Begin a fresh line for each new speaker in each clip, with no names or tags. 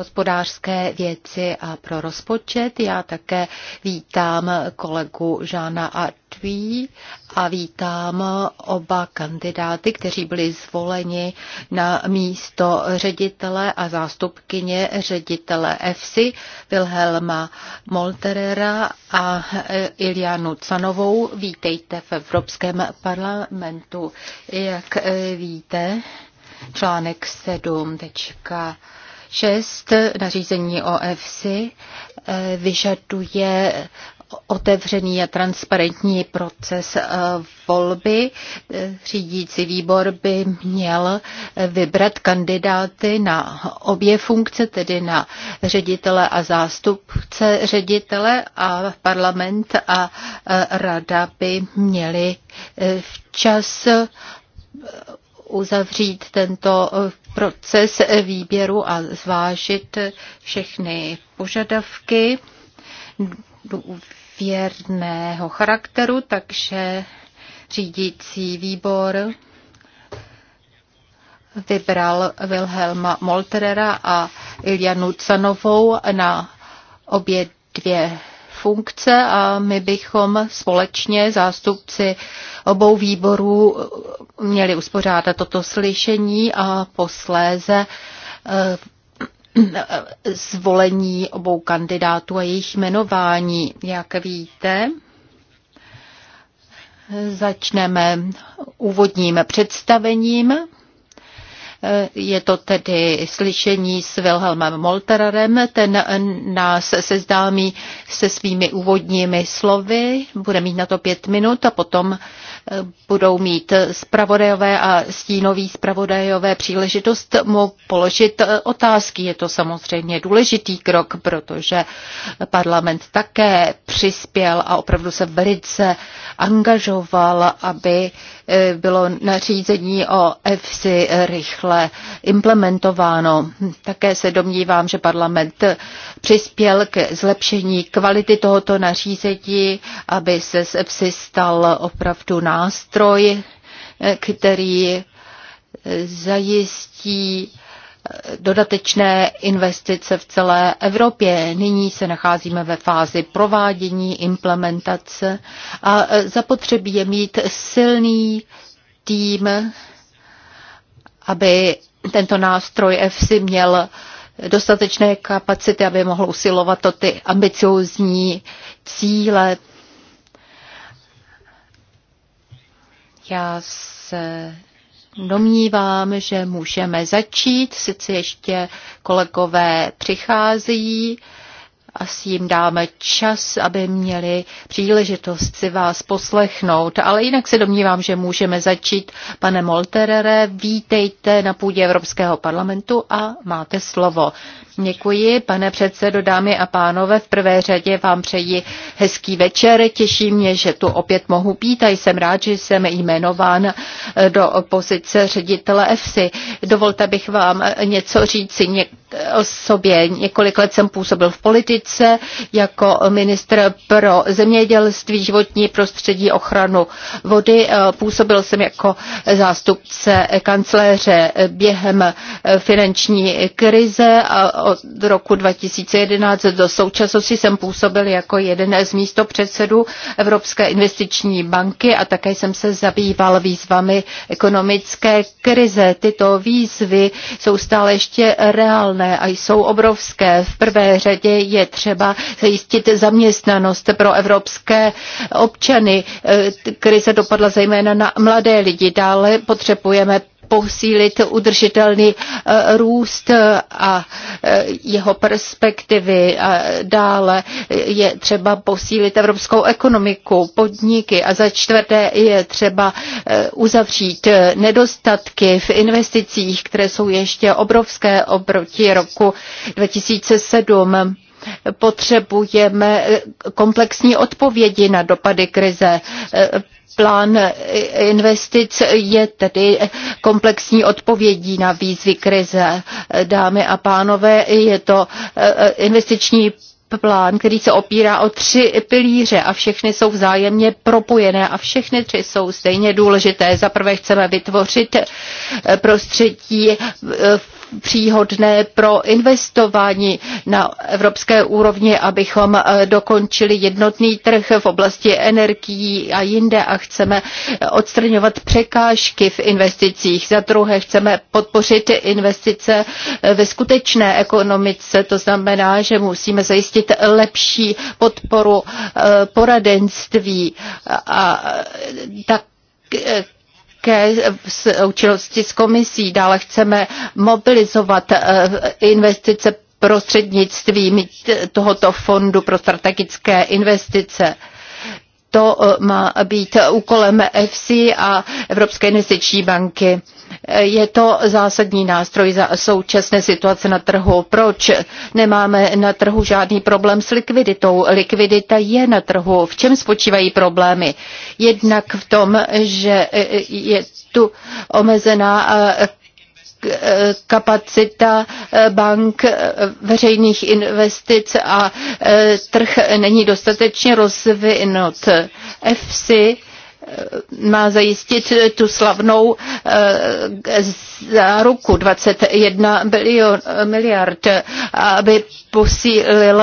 hospodářské věci a pro rozpočet. Já také vítám kolegu Žána Artví a vítám oba kandidáty, kteří byli zvoleni na místo ředitele a zástupkyně ředitele EFSI Wilhelma Molterera a eh, Ilianu Canovou. Vítejte v Evropském parlamentu. Jak eh, víte, článek 7 6 nařízení OFC eh, vyžaduje otevřený a transparentní proces eh, volby. Eh, řídící výbor by měl vybrat kandidáty na obě funkce, tedy na ředitele a zástupce ředitele a parlament a rada by měli včas uzavřít tento eh, proces eh, výběru a zvážit eh, všechny požadavky důvěrného charakteru, takže řídící výbor vybral Wilhelma Molterera a Iljanu Canovou na obě dvě funkce a my bychom společně zástupci obou výborů měli uspořádat toto slyšení a posléze eh, zvolení obou kandidátů a jejich jmenování. Jak víte, začneme úvodním představením je to tedy slyšení s Wilhelmem Molterarem, ten nás seznámí se svými úvodními slovy, bude mít na to pět minut a potom budou mít zpravodajové a stínoví zpravodajové příležitost mu položit otázky. Je to samozřejmě důležitý krok, protože parlament také přispěl a opravdu se velice angažoval, aby eh, bylo nařízení o EFSI rychle implementováno. Také se domnívám, že parlament přispěl k zlepšení kvality tohoto nařízení, aby se sepsi stal opravdu nástroj, který zajistí dodatečné investice v celé Evropě. Nyní se nacházíme ve fázi provádění, implementace a zapotřebí je mít silný tým, aby tento nástroj EFSI měl dostatečné kapacity, aby mohl usilovat o ty ambiciozní cíle. Já se domnívám, že můžeme začít, sice ještě kolegové přicházejí a s jim dáme čas, aby měli příležitost si vás poslechnout. Ale jinak se domnívám, že můžeme začít. Pane Molterere, vítejte na půdě Evropského parlamentu a máte slovo. Děkuji, pane předsedo, dámy a pánové. V prvé řadě vám přeji hezký večer. Těší mě, že tu opět mohu být a jsem rád, že jsem jmenován eh, do pozice ředitele EFSI. Dovolte bych vám eh, něco říci o sobě. Několik let jsem působil v politice jako ministr pro zemědělství, životní prostředí, ochranu vody. Eh, působil jsem jako zástupce kancléře během finanční krize a od roku 2011 do současnosti jsem působil jako jeden z místopředsedů Evropské investiční banky a také jsem se zabýval výzvami ekonomické krize. Tyto výzvy jsou stále ještě reálné a jsou obrovské. V prvé řadě je třeba zajistit zaměstnanost pro evropské občany. E, krize dopadla zejména na mladé lidi. Dále potřebujeme posílit udržitelný eh, růst eh, a eh, jeho perspektivy a dále je třeba posílit evropskou ekonomiku, podniky a za čtvrté je třeba uzavřít nedostatky v investicích, které jsou ještě obrovské oproti roku 2007 potřebujeme komplexní odpovědi na dopady krize plán investic je tedy komplexní odpovědí na výzvy krize. Dámy a pánové, je to investiční plán, který se opírá o tři pilíře a všechny jsou vzájemně propojené a všechny tři jsou stejně důležité. Za prvé chceme vytvořit prostředí v příhodné pro investování na evropské úrovni, abychom eh, dokončili jednotný trh v oblasti energií a jinde a chceme odstraňovat překážky v investicích. Za druhé chceme podpořit investice eh, ve skutečné ekonomice, to znamená, že musíme zajistit lepší podporu eh, poradenství a tak ke součinnosti s komisí. Dále chceme mobilizovat eh, investice prostřednictvím tohoto fondu pro strategické investice to eh, má být úkolem EFSI a Evropské investiční banky. Eh, je to zásadní nástroj za současné situace na trhu. Proč nemáme na trhu žádný problém s likviditou? Likvidita je na trhu. V čem spočívají problémy? Jednak v tom, že eh, je tu omezená kapacita eh, bank eh, veřejných investic a eh, trh není dostatečně rozvinut. EFSI má zajistit tu slavnou záruku 21 bilion, miliard, aby posílil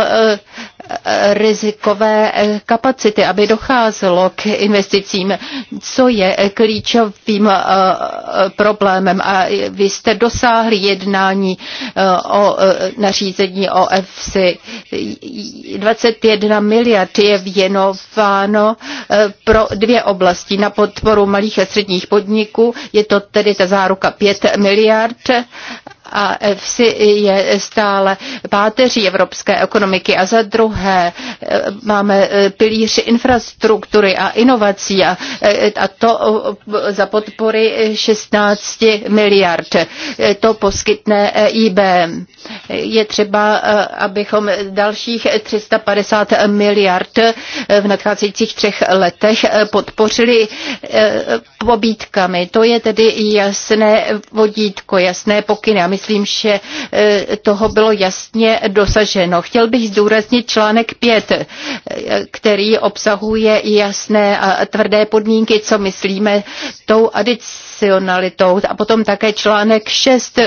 rizikové eh, kapacity, aby docházelo k investicím, co je eh, klíčovým eh, problémem. A vy jste dosáhli jednání o nařízení o EFSI. 21 miliard je věnováno pro dvě oblasti. Na podporu malých a středních podniků je to tedy ta záruka 5 miliard a EFSI je stále páteří evropské ekonomiky a za druhé eh, máme eh, pilíř infrastruktury a inovací a, eh, a to za podpory 16 miliard. To poskytne EIB. Je třeba, abychom dalších 350 miliard v nadcházejících třech letech podpořili pobítkami. To je tedy jasné vodítko, jasné pokyny. A my myslím, že eh, toho bylo jasně dosaženo. Chtěl bych zdůraznit článek 5, eh, který obsahuje jasné a tvrdé podmínky, co myslíme tou adic racionalitou. A potom také článek 6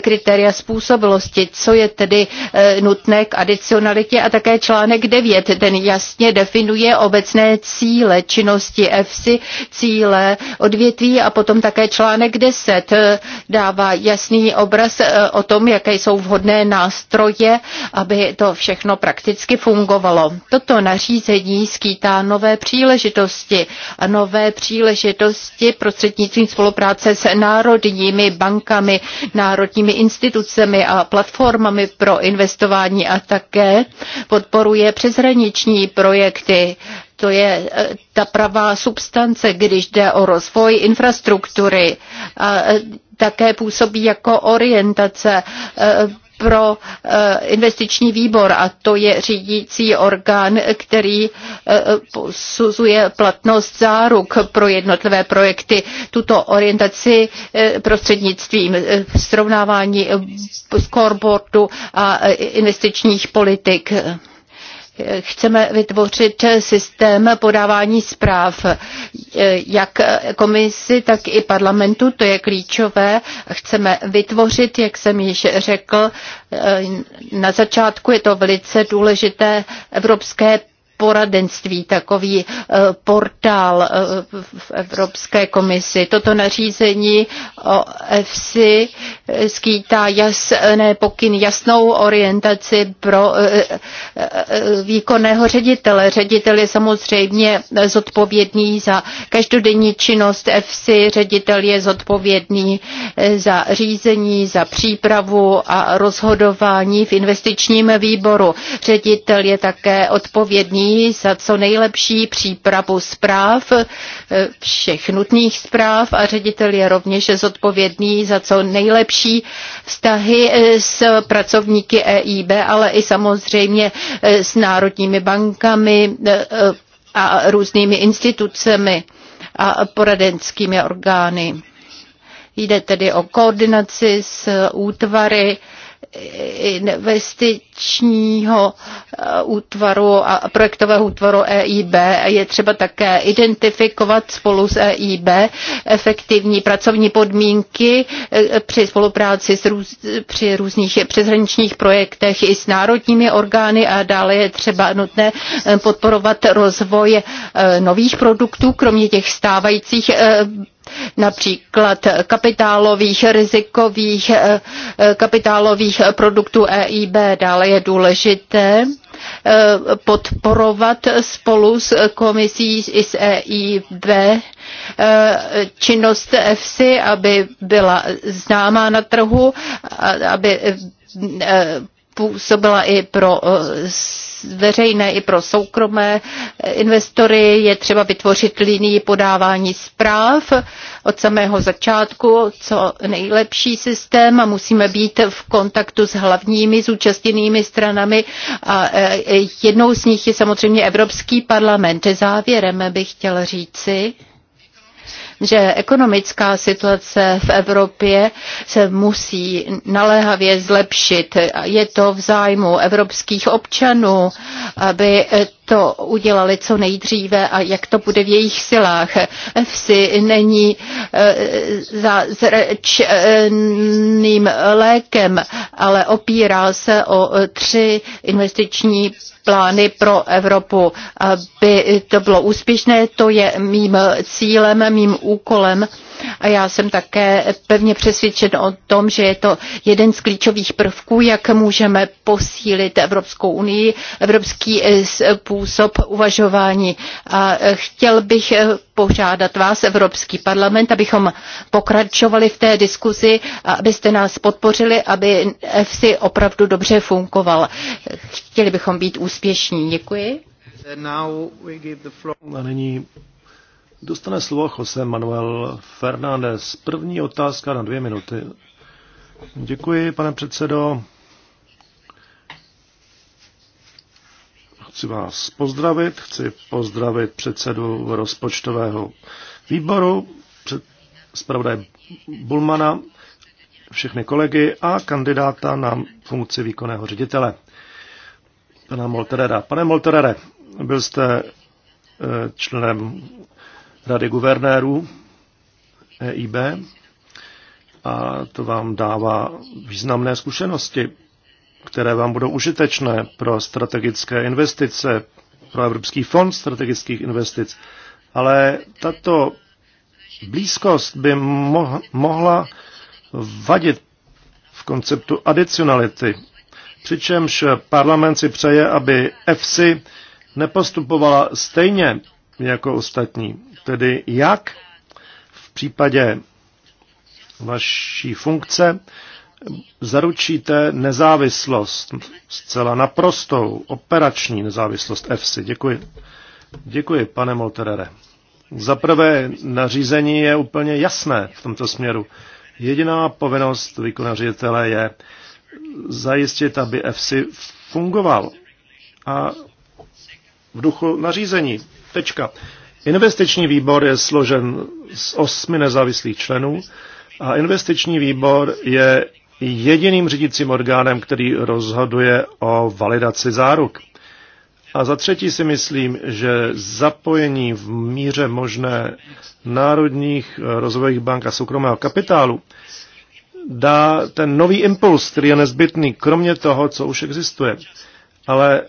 kritéria způsobilosti, co je tedy e, nutné k adicionalitě a také článek 9, ten jasně definuje obecné cíle činnosti EFSI, cíle odvětví a potom také článek 10 e, dává jasný obraz e, o tom, jaké jsou vhodné nástroje, aby to všechno prakticky fungovalo. Toto nařízení skýtá nové příležitosti a nové příležitosti prostřednictvím spolupráce spolupráce s národními bankami, národními institucemi a platformami pro investování a také podporuje přeshraniční projekty. To je eh, ta pravá substance, když jde o rozvoj infrastruktury. A eh, také působí jako orientace eh, pro eh, investiční výbor a to je řídící orgán, který eh, posuzuje platnost záruk pro jednotlivé projekty. Tuto orientaci eh, prostřednictvím srovnávání scoreboardu a investičních politik. Chceme vytvořit systém podávání zpráv jak komisi, tak i parlamentu, to je klíčové. Chceme vytvořit, jak jsem již řekl, na začátku je to velice důležité evropské poradenství, takový eh, portál eh, v Evropské komisi. Toto nařízení o EFSI skýtá jasné pokyn, jasnou orientaci pro eh, výkonného ředitele. Ředitel je samozřejmě zodpovědný za každodenní činnost EFSI, ředitel je zodpovědný za řízení, za přípravu a rozhodování v investičním výboru. Ředitel je také odpovědný za co nejlepší přípravu zpráv, eh, všech nutných zpráv a ředitel je rovněž zodpovědný za co nejlepší vztahy eh, s pracovníky EIB, ale i samozřejmě eh, s národními bankami a různými institucemi a poradenskými orgány. Jde tedy o koordinaci s útvary, investičního eh, útvaru a projektového útvaru EIB. Je třeba také identifikovat spolu s EIB efektivní pracovní podmínky eh, při spolupráci s růz, při různých přeshraničních projektech i s národními orgány a dále je třeba nutné eh, podporovat rozvoj nových produktů, kromě těch stávajících například kapitálových, rizikových eh, eh, kapitálových produktů EIB. Dále je důležité eh, podporovat spolu s komisí i s EIB činnost EFSI, aby byla známá na trhu, aby působila i pro eh, veřejné i pro soukromé eh, investory. Je třeba vytvořit linii podávání zpráv od samého začátku, co nejlepší systém a musíme být v kontaktu s hlavními zúčastněnými stranami a eh, jednou z nich je samozřejmě Evropský parlament. Závěrem bych chtěl říci, že ekonomická situace v Evropě se musí naléhavě zlepšit. Je to v zájmu evropských občanů, aby to udělali co nejdříve a jak to bude v jejich silách. Vsi není eh, zázračným lékem, ale opírá se o tři investiční plány pro Evropu. Aby to bylo úspěšné, to je mým cílem, mým úkolem a já jsem také pevně přesvědčen o tom, že je to jeden z klíčových prvků, jak můžeme posílit Evropskou unii, evropský eh, způsob uvažování. A eh, chtěl bych eh, požádat vás, Evropský parlament, abychom pokračovali v té diskuzi a abyste nás podpořili, aby EFSI opravdu dobře fungoval. Chtěli bychom být úspěšní. Děkuji.
A nyní Dostane slovo Jose Manuel Fernández. První otázka na dvě minuty. Děkuji, pane předsedo. Chci vás pozdravit, chci pozdravit předsedu rozpočtového výboru, před, zpravodaje Bulmana, všechny kolegy a kandidáta na funkci výkonného ředitele, pana Molterera. Pane Molterere, byl jste eh, členem Rady guvernérů EIB a to vám dává významné zkušenosti, které vám budou užitečné pro strategické investice, pro Evropský fond strategických investic. Ale tato blízkost by mohla vadit v konceptu adicionality, přičemž parlament si přeje, aby EFSI nepostupovala stejně jako ostatní. Tedy jak v případě vaší funkce zaručíte nezávislost, zcela naprostou operační nezávislost EFSI. Děkuji. Děkuji, pane Molterere. Za prvé, nařízení je úplně jasné v tomto směru. Jediná povinnost výkona ředitele je zajistit, aby EFSI fungoval. A v duchu nařízení. Tečka. Investiční výbor je složen z osmi nezávislých členů a investiční výbor je jediným řídícím orgánem, který rozhoduje o validaci záruk. A za třetí si myslím, že zapojení v míře možné národních rozvojových bank a soukromého kapitálu dá ten nový impuls, který je nezbytný, kromě toho, co už existuje. Ale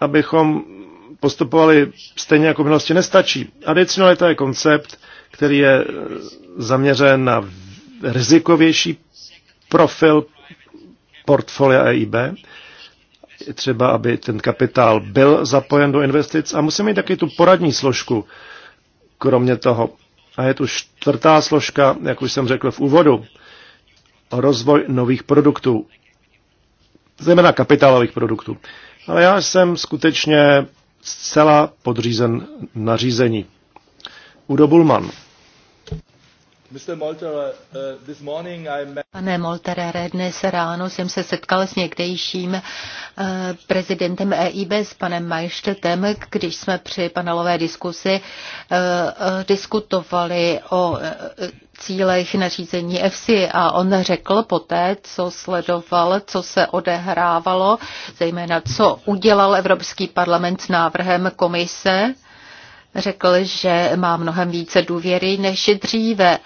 abychom postupovali stejně jako v minulosti, nestačí. Adicionalita je koncept, který je eh, zaměřen na rizikovější profil portfolia EIB. Třeba, aby ten kapitál byl zapojen do investic a musíme mít taky tu poradní složku, kromě toho. A je tu čtvrtá složka, jak už jsem řekl v úvodu, rozvoj nových produktů, zejména kapitálových produktů. Ale já jsem skutečně zcela podřízen nařízení. Udo Bulman. Uh,
Pane Molterere, dnes ráno jsem se setkal s někdejším uh, prezidentem EIB, s panem Majštetem, když jsme při panelové diskusi uh, diskutovali o cílech nařízení EFSI a on řekl poté, co sledoval, co se odehrávalo, zejména co udělal Evropský parlament s návrhem komise, řekl, že má mnohem více důvěry než dříve.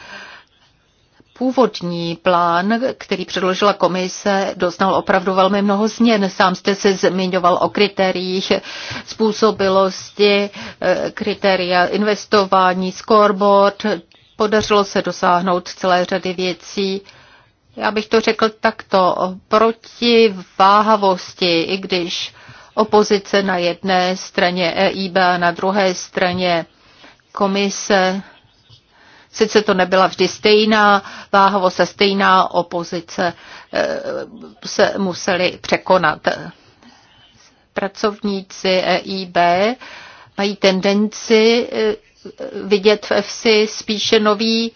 Původní plán, který předložila komise, doznal opravdu velmi mnoho změn. Sám jste se zmiňoval o kritériích způsobilosti, eh, kritéria investování, scoreboard, Podařilo se dosáhnout celé řady věcí. Já bych to řekl takto, proti váhavosti, i když opozice na jedné straně EIB a na druhé straně komise, sice to nebyla vždy stejná váhavost a stejná opozice, eh, se museli překonat. Pracovníci EIB mají tendenci eh, vidět v EFSI spíše nový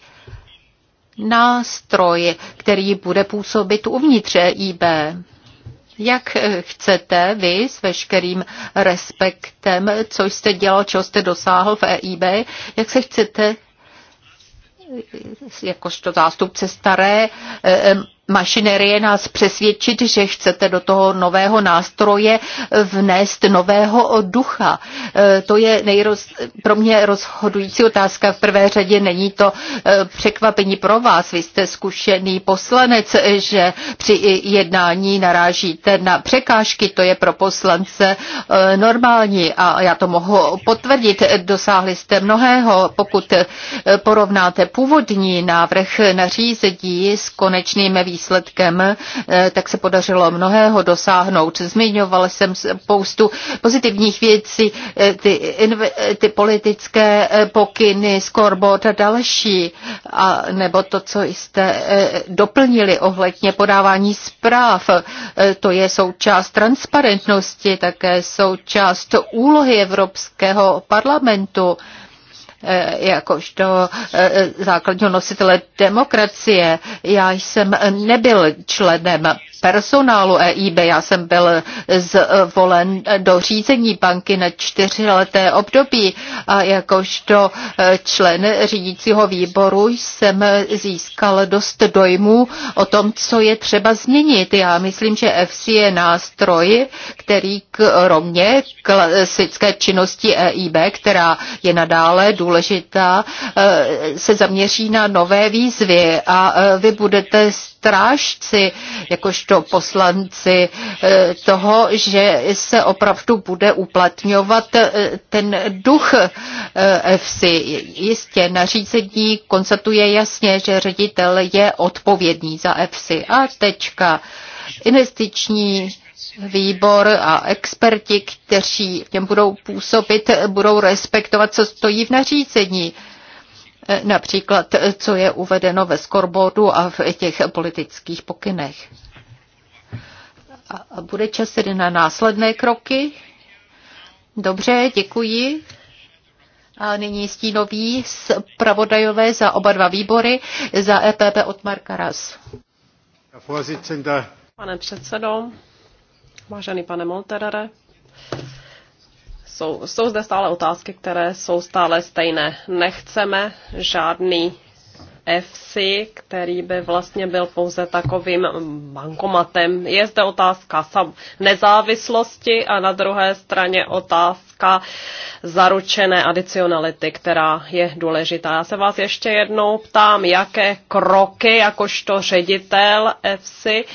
nástroj, který bude působit uvnitř e IB. Jak chcete vy s veškerým respektem, co jste dělal, co jste dosáhl v EIB, jak se chcete jakožto zástupce staré mašinerie nás přesvědčit, že chcete do toho nového nástroje vnést nového ducha. E, to je nejroz, pro mě rozhodující otázka. V prvé řadě není to e, překvapení pro vás. Vy jste zkušený poslanec, že při jednání narážíte na překážky. To je pro poslance e, normální a já to mohu potvrdit. Dosáhli jste mnohého, pokud porovnáte původní návrh nařízení s konečným výsledkem výsledkem, eh, tak se podařilo mnohého dosáhnout. Zmiňoval jsem spoustu pozitivních věcí, eh, ty, eh, ty politické pokyny, scoreboard a další, a, nebo to, co jste doplnili ohledně podávání zpráv. To je součást transparentnosti, také součást úlohy Evropského parlamentu. Eh, jakožto eh, základního nositele demokracie. Já jsem nebyl členem personálu EIB. Já jsem byl zvolen do řízení banky na čtyřleté období a jakožto eh, člen řídícího výboru jsem získal dost dojmů o tom, co je třeba změnit. Já myslím, že FC je nástroj, který kromě klasické činnosti EIB, která je nadále důležitá, eh, se zaměří na nové výzvy a eh, vy budete strážci, jakož jakožto poslanci eh, toho, že se opravdu bude uplatňovat eh, ten duch EFSI. Eh, Jistě nařízení konstatuje jasně, že ředitel je odpovědný za EFSI. A tečka. Investiční výbor a experti, kteří v něm budou působit, budou respektovat, co stojí v nařízení. Například, co je uvedeno ve scoreboardu a v těch politických pokynech. A bude čas tedy na následné kroky. Dobře, děkuji. A nyní stínový pravodajové za oba dva výbory, za EPP od Marka Raz.
Pane předsedo, vážený pane Molterere, jsou, jsou zde stále otázky, které jsou stále stejné. Nechceme žádný EFSI, který by vlastně byl pouze takovým bankomatem. Je zde otázka nezávislosti a na druhé straně otázka zaručené adicionality, která je důležitá. Já se vás ještě jednou ptám, jaké kroky jakožto ředitel EFSI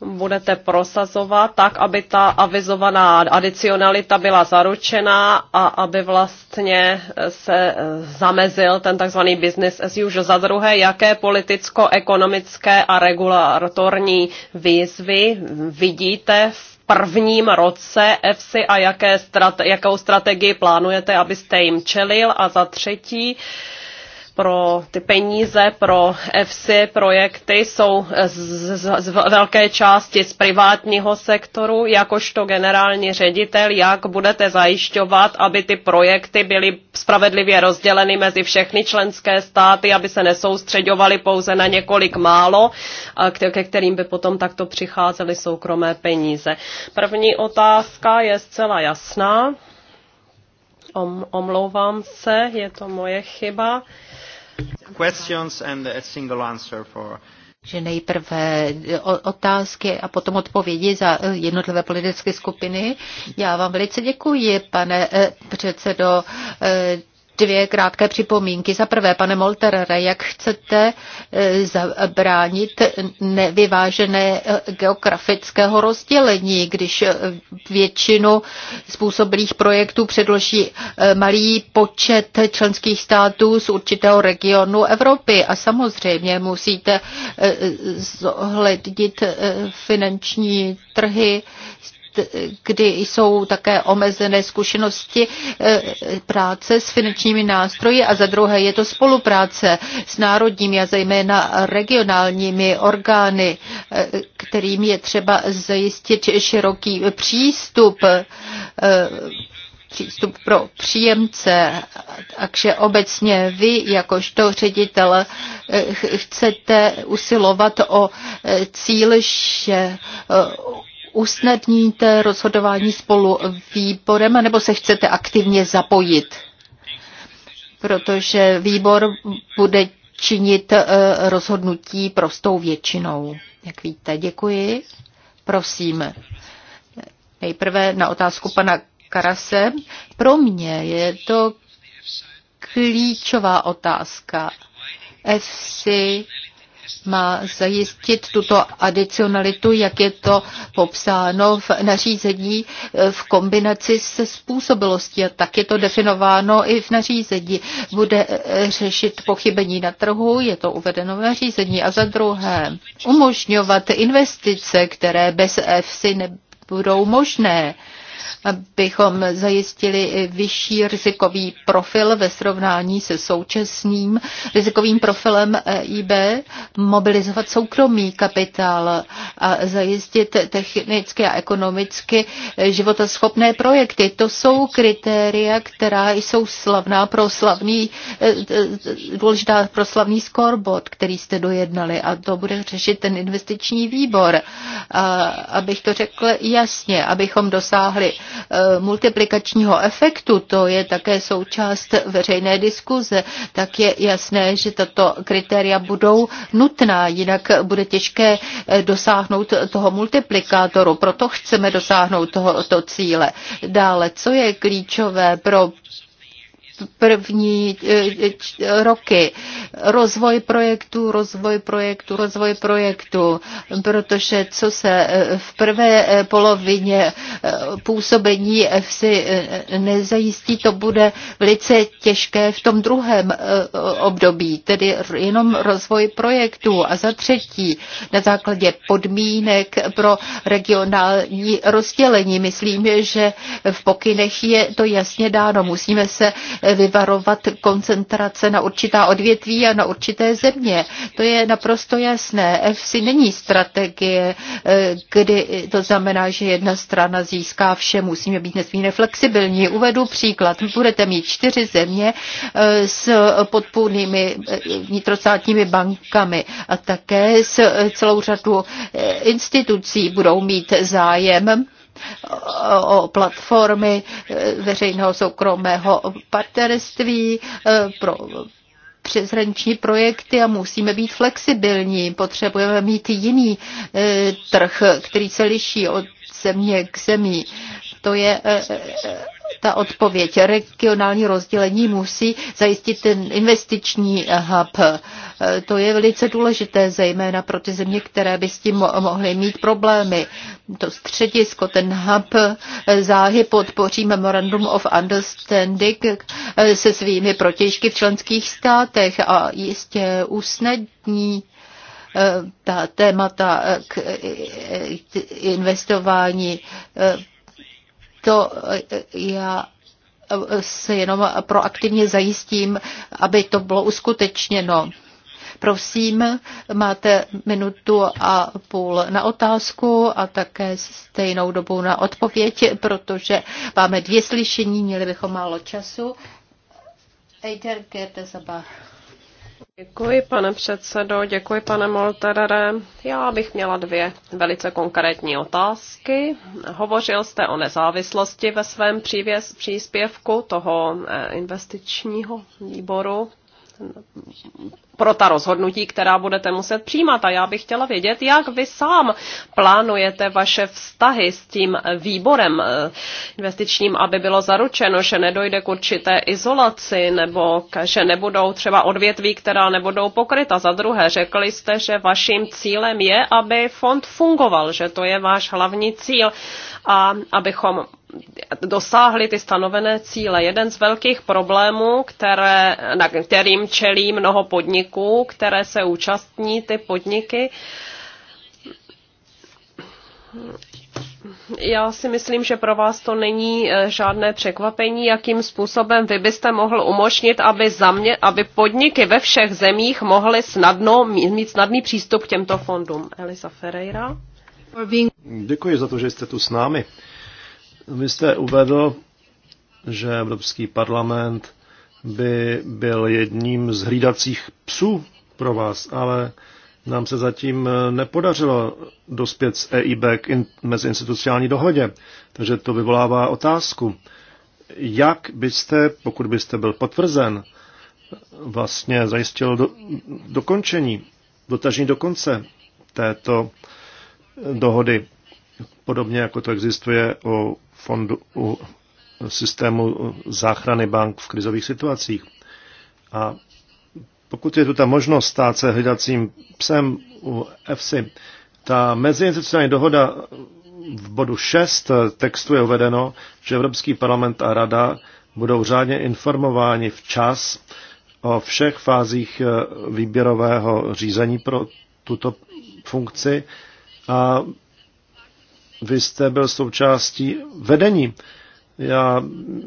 budete prosazovat tak, aby ta avizovaná adicionalita byla zaručená a aby vlastně se e, zamezil ten takzvaný business as usual. Za druhé, jaké politicko-ekonomické a regulatorní výzvy vidíte v prvním roce EFSI a jaké strate, jakou strategii plánujete, abyste jim čelil? A za třetí, pro ty peníze pro EFSI projekty jsou z, z, z velké části z privátního sektoru. Jakožto generální ředitel, jak budete zajišťovat, aby ty projekty byly spravedlivě rozděleny mezi všechny členské státy, aby se nesoustředovaly pouze na několik málo, ke kterým by potom takto přicházely soukromé peníze. První otázka je zcela jasná om, omlouvám
se, je to moje chyba.
Questions and a single answer for
že nejprve otázky a potom odpovědi za eh, jednotlivé politické skupiny. Já vám velice děkuji, pane eh, předsedo. Eh, dvě krátké připomínky. Za prvé, pane Molterere, jak chcete eh, zabránit nevyvážené eh, geografického rozdělení, když eh, většinu způsobilých projektů předloží malý počet členských států z určitého regionu Evropy a samozřejmě musíte zohlednit finanční trhy s kdy jsou také omezené zkušenosti eh, práce s finančními nástroji a za druhé je to spolupráce s národními a zejména regionálními orgány, eh, kterým je třeba zajistit široký přístup eh, přístup pro příjemce. Takže obecně vy, jakožto ředitel, chcete usilovat o cíl, že usnadníte rozhodování spolu výborem, nebo se chcete aktivně zapojit? Protože výbor bude činit eh, rozhodnutí prostou většinou. Jak víte, děkuji. Prosím. Nejprve na otázku pana Karase. Pro mě je to klíčová otázka. EFSI má zajistit tuto adicionalitu, jak je to popsáno v nařízení v kombinaci se způsobilostí a tak je to definováno i v nařízení. Bude řešit pochybení na trhu, je to uvedeno v nařízení a za druhé umožňovat investice, které bez EFSI nebudou možné abychom zajistili vyšší rizikový profil ve srovnání se současným rizikovým profilem EIB, mobilizovat soukromý kapitál a zajistit technicky a ekonomicky životaschopné projekty. To jsou kritéria, která jsou slavná pro slavný, důležitá pro slavný scoreboard, který jste dojednali a to bude řešit ten investiční výbor. A abych to řekl jasně, abychom dosáhli dosáhli eh, multiplikačního efektu, to je také součást veřejné diskuze, tak je jasné, že tato kritéria budou nutná, jinak bude těžké eh, dosáhnout toho multiplikátoru. Proto chceme dosáhnout tohoto cíle. Dále, co je klíčové pro první eh, roky. Rozvoj projektu, rozvoj projektu, rozvoj projektu, protože co se eh, v prvé eh, polovině působení FSI nezajistí, to bude velice těžké v tom druhém období, tedy jenom rozvoj projektu. A za třetí, na základě podmínek pro regionální rozdělení, myslím, že v pokynech je to jasně dáno. Musíme se vyvarovat koncentrace na určitá odvětví a na určité země. To je naprosto jasné. EFSI není strategie, eh, kdy to znamená, že jedna strana získá vše. Musíme být nesmírně flexibilní. Uvedu příklad. Budete mít čtyři země eh, s podpůrnými eh, vnitrostátními bankami a také s celou řadu institucí budou mít zájem o platformy eh, veřejného soukromého partnerství eh, pro přeshraniční projekty a musíme být flexibilní. Potřebujeme mít jiný eh, trh, který se liší od země k zemí. To je ta odpověď. Regionální rozdělení musí zajistit ten investiční hub. To je velice důležité, zejména pro ty země, které by s tím mohly mít problémy. To středisko, ten hub záhy podpoří Memorandum of Understanding eh, se svými protěžky v členských státech a jistě usnadní eh, ta témata k eh, investování to eh, já eh, se jenom proaktivně zajistím, aby to bylo uskutečněno. Prosím, máte minutu a půl na otázku a také stejnou dobu na odpověď, protože máme dvě slyšení, měli bychom málo času. Eider Gertesaba.
Děkuji, pane předsedo, děkuji, pane Molterere. Já bych měla dvě velice konkrétní otázky. Hovořil jste o nezávislosti ve svém přívěz, příspěvku toho eh, investičního výboru pro ta rozhodnutí, která budete muset přijímat. A já bych chtěla vědět, jak vy sám plánujete vaše vztahy s tím výborem eh, investičním, aby bylo zaručeno, že nedojde k určité izolaci nebo že nebudou třeba odvětví, která nebudou pokryta. Za druhé, řekli jste, že vaším cílem je, aby fond fungoval, že to je váš hlavní cíl a abychom dosáhli ty stanovené cíle. Jeden z velkých problémů, které, na kterým čelí mnoho podniků, podniků, které se účastní ty podniky. Já si myslím, že pro vás to není eh, žádné překvapení, jakým způsobem vy byste mohl umožnit, aby, zamě, aby podniky ve všech zemích mohly snadno, mít snadný přístup k těmto fondům. Elisa Ferreira.
Děkuji za to, že jste tu s námi. Vy jste uvedl, že Evropský parlament by byl jedním z hlídacích psů pro vás, ale nám se zatím nepodařilo dospět z EIB k in, meziinstitucionální dohodě. Takže to vyvolává otázku, jak byste, pokud byste byl potvrzen, vlastně zajistil do, dokončení, dotažení do konce této dohody, podobně jako to existuje o fondu, u systému záchrany bank v krizových situacích. A pokud je tu ta možnost stát se hlídacím psem u EFSI, ta meziinstitucionální dohoda v bodu 6 textu je uvedeno, že Evropský parlament a Rada budou řádně informováni včas o všech fázích eh, výběrového řízení pro tuto funkci a vy jste byl součástí vedení já,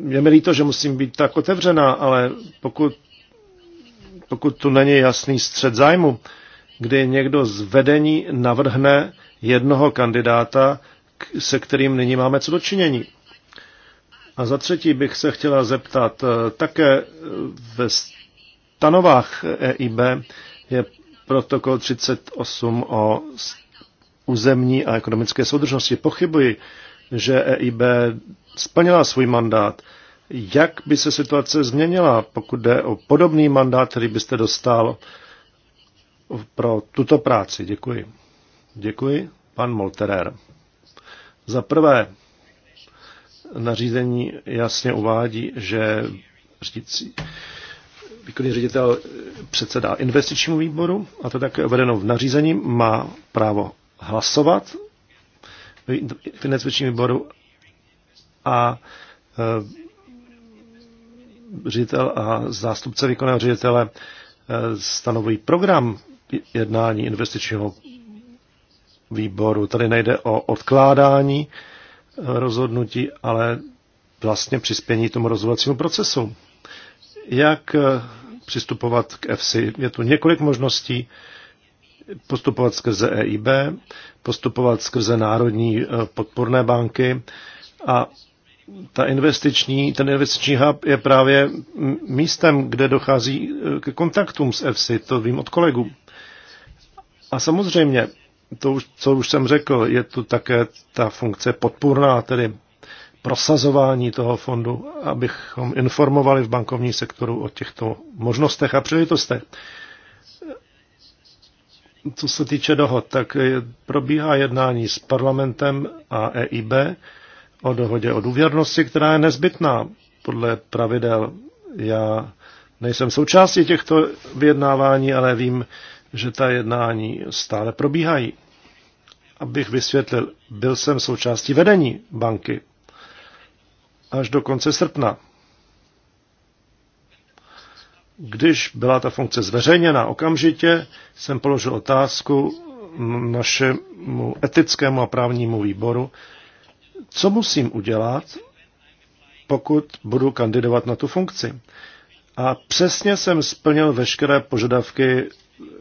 je mi líto, že musím být tak otevřená, ale pokud, pokud tu není jasný střed zájmu, kdy někdo z vedení navrhne jednoho kandidáta, se kterým nyní máme co dočinění. A za třetí bych se chtěla zeptat, eh, také eh, ve stanovách EIB je protokol 38 o územní a ekonomické soudržnosti. Pochybuji, že EIB splnila svůj mandát. Jak by se situace změnila, pokud jde o podobný mandát, který byste dostal pro tuto práci? Děkuji. Děkuji, pan Molterer. Za prvé, nařízení jasně uvádí, že řídící, výkonný ředitel předsedá investičnímu výboru, a to také uvedeno v nařízení, má právo hlasovat investičním výboru a eh, ředitel a zástupce výkonného ředitele eh, stanovují program jednání investičního výboru. Tady nejde o odkládání eh, rozhodnutí, ale vlastně přispění tomu rozhodovacímu procesu. Jak přistupovat k EFSI? Je tu několik možností postupovat skrze EIB, postupovat skrze Národní eh, podporné banky a ta investiční, ten investiční hub je právě místem, kde dochází eh, k kontaktům s EFSI, to vím od kolegů. A samozřejmě, to už, co už jsem řekl, je tu také ta funkce podpůrná, tedy prosazování toho fondu, abychom informovali v bankovní sektoru o těchto možnostech a příležitostech co se týče dohod, tak probíhá jednání s parlamentem a EIB o dohodě o důvěrnosti, která je nezbytná podle pravidel. Já nejsem součástí těchto vyjednávání, ale vím, že ta jednání stále probíhají. Abych vysvětlil, byl jsem součástí vedení banky až do konce srpna. Když byla ta funkce zveřejněna okamžitě, jsem položil otázku našemu etickému a právnímu výboru, co musím udělat, pokud budu kandidovat na tu funkci. A přesně jsem splnil veškeré požadavky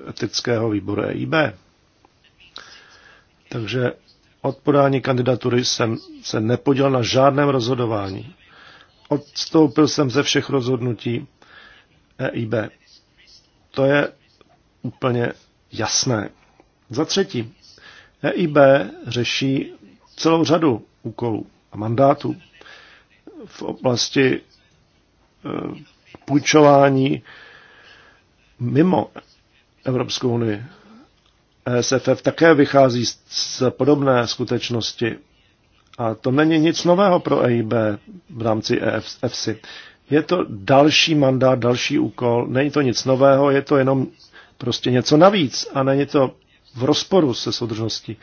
etického výboru EIB. Takže od podání kandidatury jsem se nepodělal na žádném rozhodování. Odstoupil jsem ze všech rozhodnutí, EIB. To je úplně jasné. Za třetí, EIB řeší celou řadu úkolů a mandátů v oblasti e, půjčování mimo Evropskou unii. E SFF také vychází z podobné skutečnosti. A to není nic nového pro EIB v rámci EFSI. Je to další mandát, další úkol, není to nic nového, je to jenom prostě něco navíc a není to v rozporu se soudržností.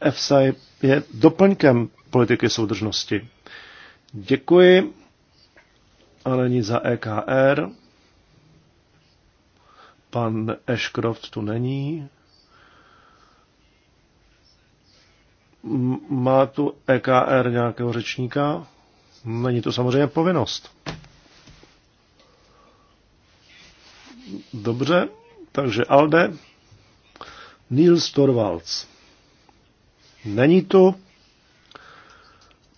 EFSA je doplňkem politiky soudržnosti. Děkuji, ale není za EKR. Pan Ashcroft tu není. Má tu EKR nějakého řečníka? Není to samozřejmě povinnost. Dobře, takže Alde, Nils Torvalds. Není tu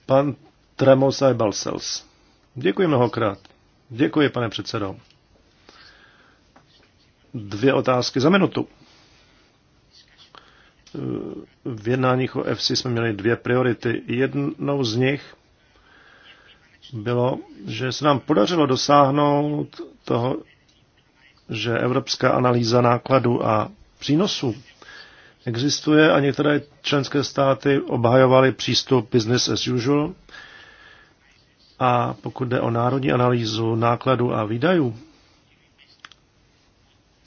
pan Tremosaj Balsels. Děkuji mnohokrát. Děkuji, pane předsedo. Dvě otázky za minutu. V jednáních o FC jsme měli dvě priority. Jednou z nich bylo, že se nám podařilo dosáhnout toho, že evropská analýza nákladu a přínosů existuje a některé členské státy obhajovaly přístup business as usual. A pokud jde o národní analýzu nákladu a výdajů,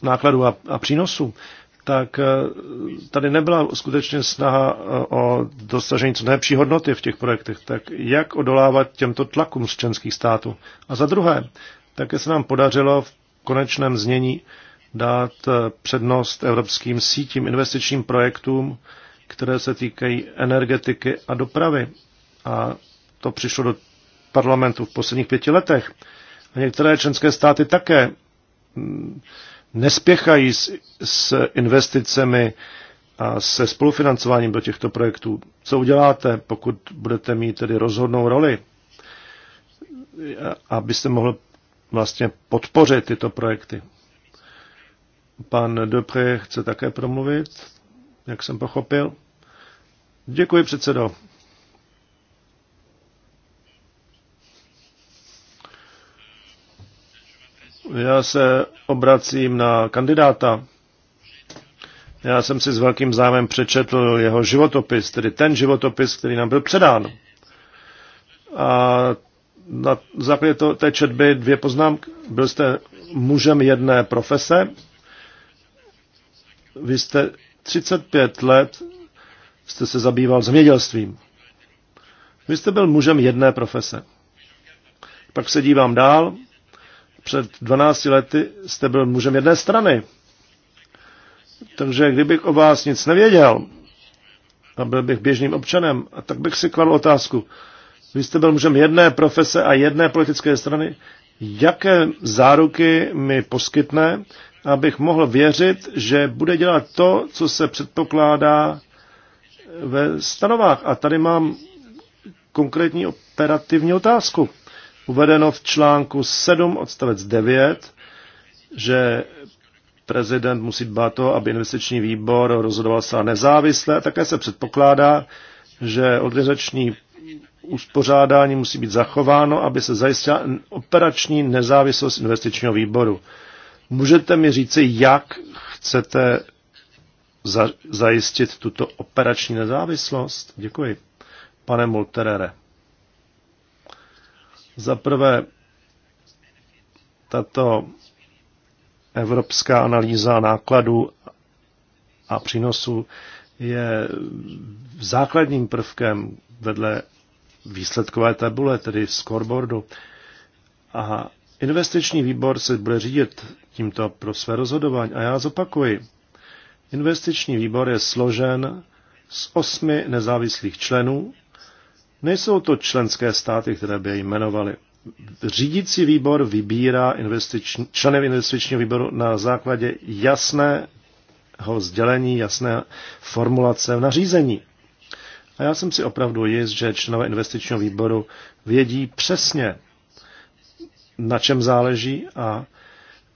nákladu a, a přínosu, tak eh, tady nebyla skutečně snaha eh, o dosažení co nejlepší hodnoty v těch projektech. Tak jak odolávat těmto tlakům z členských států? A za druhé, také se nám podařilo v konečném znění dát eh, přednost evropským sítím investičním projektům, které se týkají energetiky a dopravy. A to přišlo do parlamentu v posledních pěti letech. A některé členské státy také mm, nespěchají s, s investicemi a se spolufinancováním do těchto projektů. Co uděláte, pokud budete mít tedy rozhodnou roli, abyste mohl vlastně podpořit tyto projekty. Pan Dupré chce také promluvit, jak jsem pochopil. Děkuji, předsedo. Já se obracím na kandidáta. Já jsem si s velkým zájmem přečetl jeho životopis, tedy ten životopis, který nám byl předán. A na základě to, té četby dvě poznámky. Byl jste mužem jedné profese. Vy jste 35 let jste se zabýval zemědělstvím. Vy jste byl mužem jedné profese. Pak se dívám dál. Před 12 lety jste byl mužem jedné strany. Takže kdybych o vás nic nevěděl a byl bych běžným občanem, tak bych si kladl otázku, vy jste byl mužem jedné profese a jedné politické strany. Jaké záruky mi poskytne, abych mohl věřit, že bude dělat to, co se předpokládá ve stanovách? A tady mám konkrétní operativní otázku. Uvedeno v článku 7 odstavec 9, že prezident musí dbát to, aby investiční výbor rozhodoval se nezávisle. Také se předpokládá, že organizační uspořádání musí být zachováno, aby se zajistila operační nezávislost investičního výboru. Můžete mi říci, jak chcete za, zajistit tuto operační nezávislost? Děkuji. Pane Molterere. Za prvé, tato evropská analýza nákladů a přínosu je základním prvkem vedle výsledkové tabule, tedy scoreboardu. A investiční výbor se bude řídit tímto pro své rozhodování. A já zopakuji. Investiční výbor je složen z osmi nezávislých členů. Nejsou to členské státy, které by je jmenovaly. Řídící výbor vybírá investiční, členy investičního výboru na základě jasného sdělení, jasné formulace v nařízení. A já jsem si opravdu jist, že členové investičního výboru vědí přesně, na čem záleží a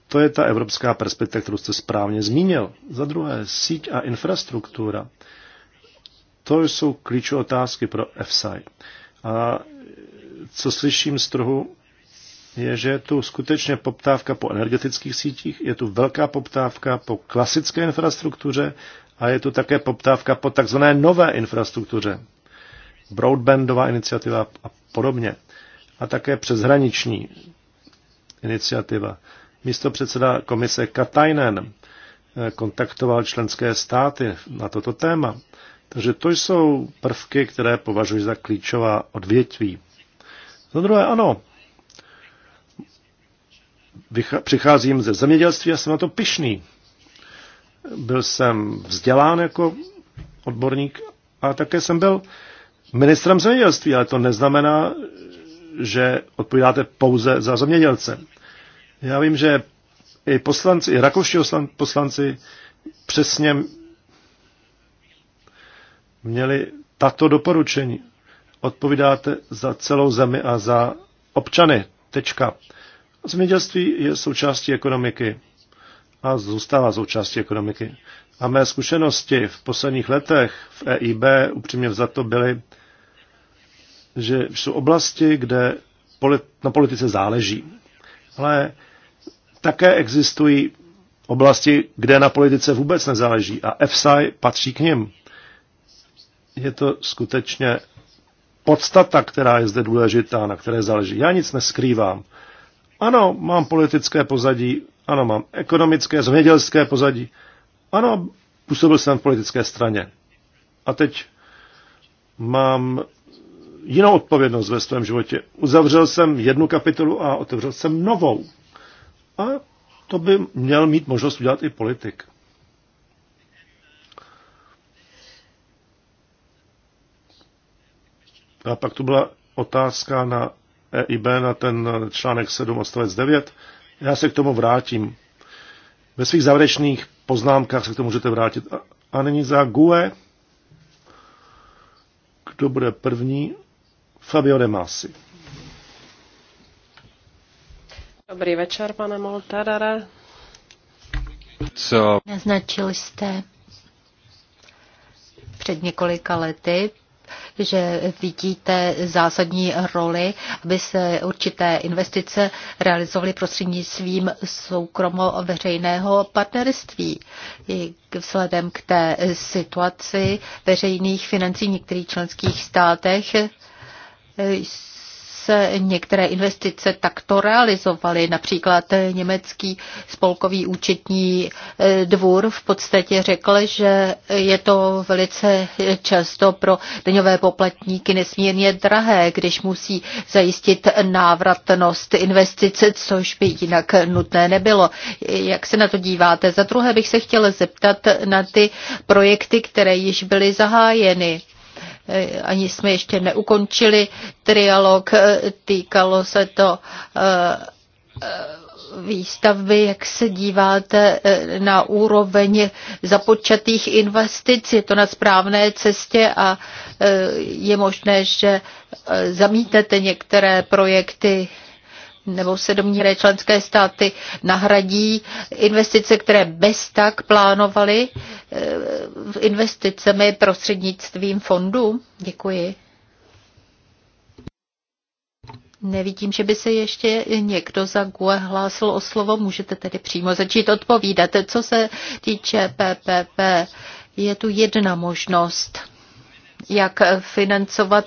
to je ta evropská perspektiva, kterou jste správně zmínil. Za druhé, síť a infrastruktura. To jsou klíčové otázky pro FSI. A co slyším z trhu, je, že je tu skutečně poptávka po energetických sítích, je tu velká poptávka po klasické infrastruktuře a je tu také poptávka po takzvané nové infrastruktuře, broadbandová iniciativa a podobně. A také přeshraniční iniciativa. Místo předseda komise Katajnen eh, kontaktoval členské státy na toto téma. Takže to jsou prvky, které považuji za klíčová odvětví. Za druhé, ano, přicházím ze zemědělství a jsem na to pišný byl jsem vzdělán jako odborník a také jsem byl ministrem zemědělství, ale to neznamená, že odpovídáte pouze za zemědělce. Já vím, že i poslanci, i rakouští poslanci přesně měli tato doporučení. Odpovídáte za celou zemi a za občany. Tečka. Zemědělství je součástí ekonomiky a zůstává součástí ekonomiky. A mé zkušenosti v posledních letech v EIB upřímně vzato byly, že jsou oblasti, kde na politice záleží. Ale také existují oblasti, kde na politice vůbec nezáleží a EFSAI patří k nim. Je to skutečně podstata, která je zde důležitá, na které záleží. Já nic neskrývám. Ano, mám politické pozadí, ano, mám ekonomické, zemědělské pozadí. Ano, působil jsem v politické straně. A teď mám jinou odpovědnost ve svém životě. Uzavřel jsem jednu kapitolu a otevřel jsem novou. A to by měl mít možnost udělat i politik. A pak tu byla otázka na EIB, na ten článek 7 odstavec 9. Já se k tomu vrátím. Ve svých závěrečných poznámkách se k tomu můžete vrátit. A není za GUE. Kdo bude první? Fabio De Masi.
Dobrý večer, pane Moltarare.
Co?
Naznačil jste před několika lety že vidíte zásadní roli, aby se určité investice realizovaly prostřednictvím soukromo-veřejného partnerství. I vzhledem k té situaci veřejných financí v některých členských státech se některé investice takto realizovaly. Například německý spolkový účetní e, dvůr v podstatě řekl, že je to velice často pro daňové poplatníky nesmírně drahé, když musí zajistit návratnost investice, což by jinak nutné nebylo. Jak se na to díváte? Za druhé bych se chtěla zeptat na ty projekty, které již byly zahájeny Eh, ani jsme ještě neukončili trialog, eh, týkalo se to eh, výstavby, jak se díváte na úroveň započatých investic. Je to na správné cestě a je možné, že zamítnete některé projekty nebo se domnívají členské státy nahradí investice, které bez tak plánovaly eh, investicemi prostřednictvím fondů? Děkuji. Nevidím, že by se ještě někdo za GUE hlásil o slovo. Můžete tedy přímo začít odpovídat. Co se týče PPP, je tu jedna možnost jak financovat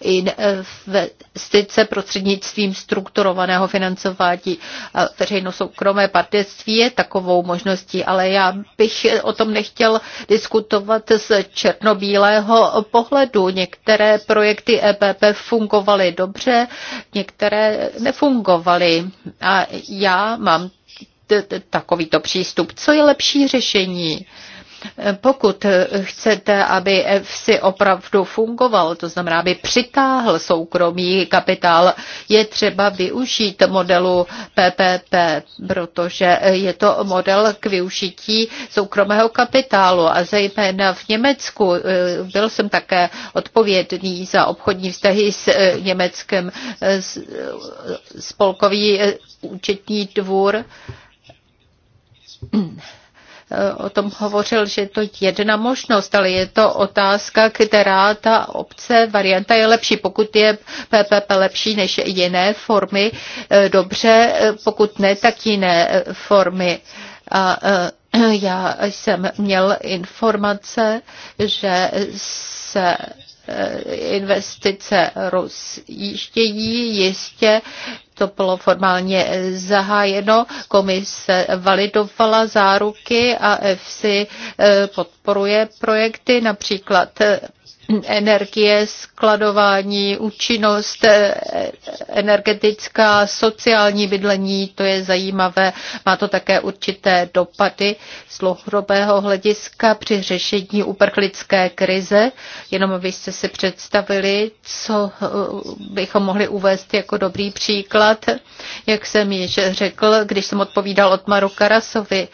investice prostřednictvím strukturovaného financování. Veřejno-soukromé partnerství je takovou možností, ale já bych o tom nechtěl diskutovat z černobílého pohledu. Některé projekty EPP fungovaly dobře, některé nefungovaly. A já mám takovýto přístup. Co je lepší řešení? Pokud chcete, aby EFSI opravdu fungoval, to znamená, aby přitáhl soukromý kapitál, je třeba využít modelu PPP, protože je to model k využití soukromého kapitálu a zejména v Německu. Eh, byl jsem také odpovědný za obchodní vztahy s eh, Německem eh, spolkový účetní dvůr Eh, o tom hovořil, že je to jedna možnost, ale je to otázka, která ta obce, varianta je lepší. Pokud je PPP lepší než jiné formy, eh, dobře, eh, pokud ne, tak jiné formy. A, já jsem měl informace, že se investice rozjíždějí, jistě to bylo formálně zahájeno. Komise validovala záruky a EFSI eh, podporuje projekty, například energie, skladování, účinnost, e, energetická, sociální bydlení, to je zajímavé. Má to také určité dopady z dlouhodobého hlediska při řešení uprchlické krize. Jenom abyste si představili, co e, bychom mohli uvést jako dobrý příklad. Jak jsem již řekl, když jsem odpovídal od Maru Karasovi,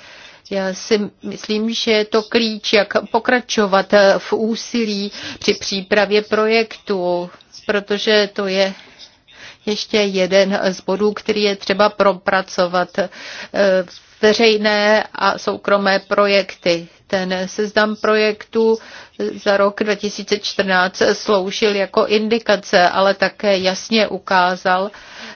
já si myslím, že je to klíč, jak pokračovat v úsilí při přípravě projektu, protože to je ještě jeden z bodů, který je třeba propracovat eh, veřejné a soukromé projekty. Ten seznam projektů za rok 2014 sloužil jako indikace, ale také jasně ukázal,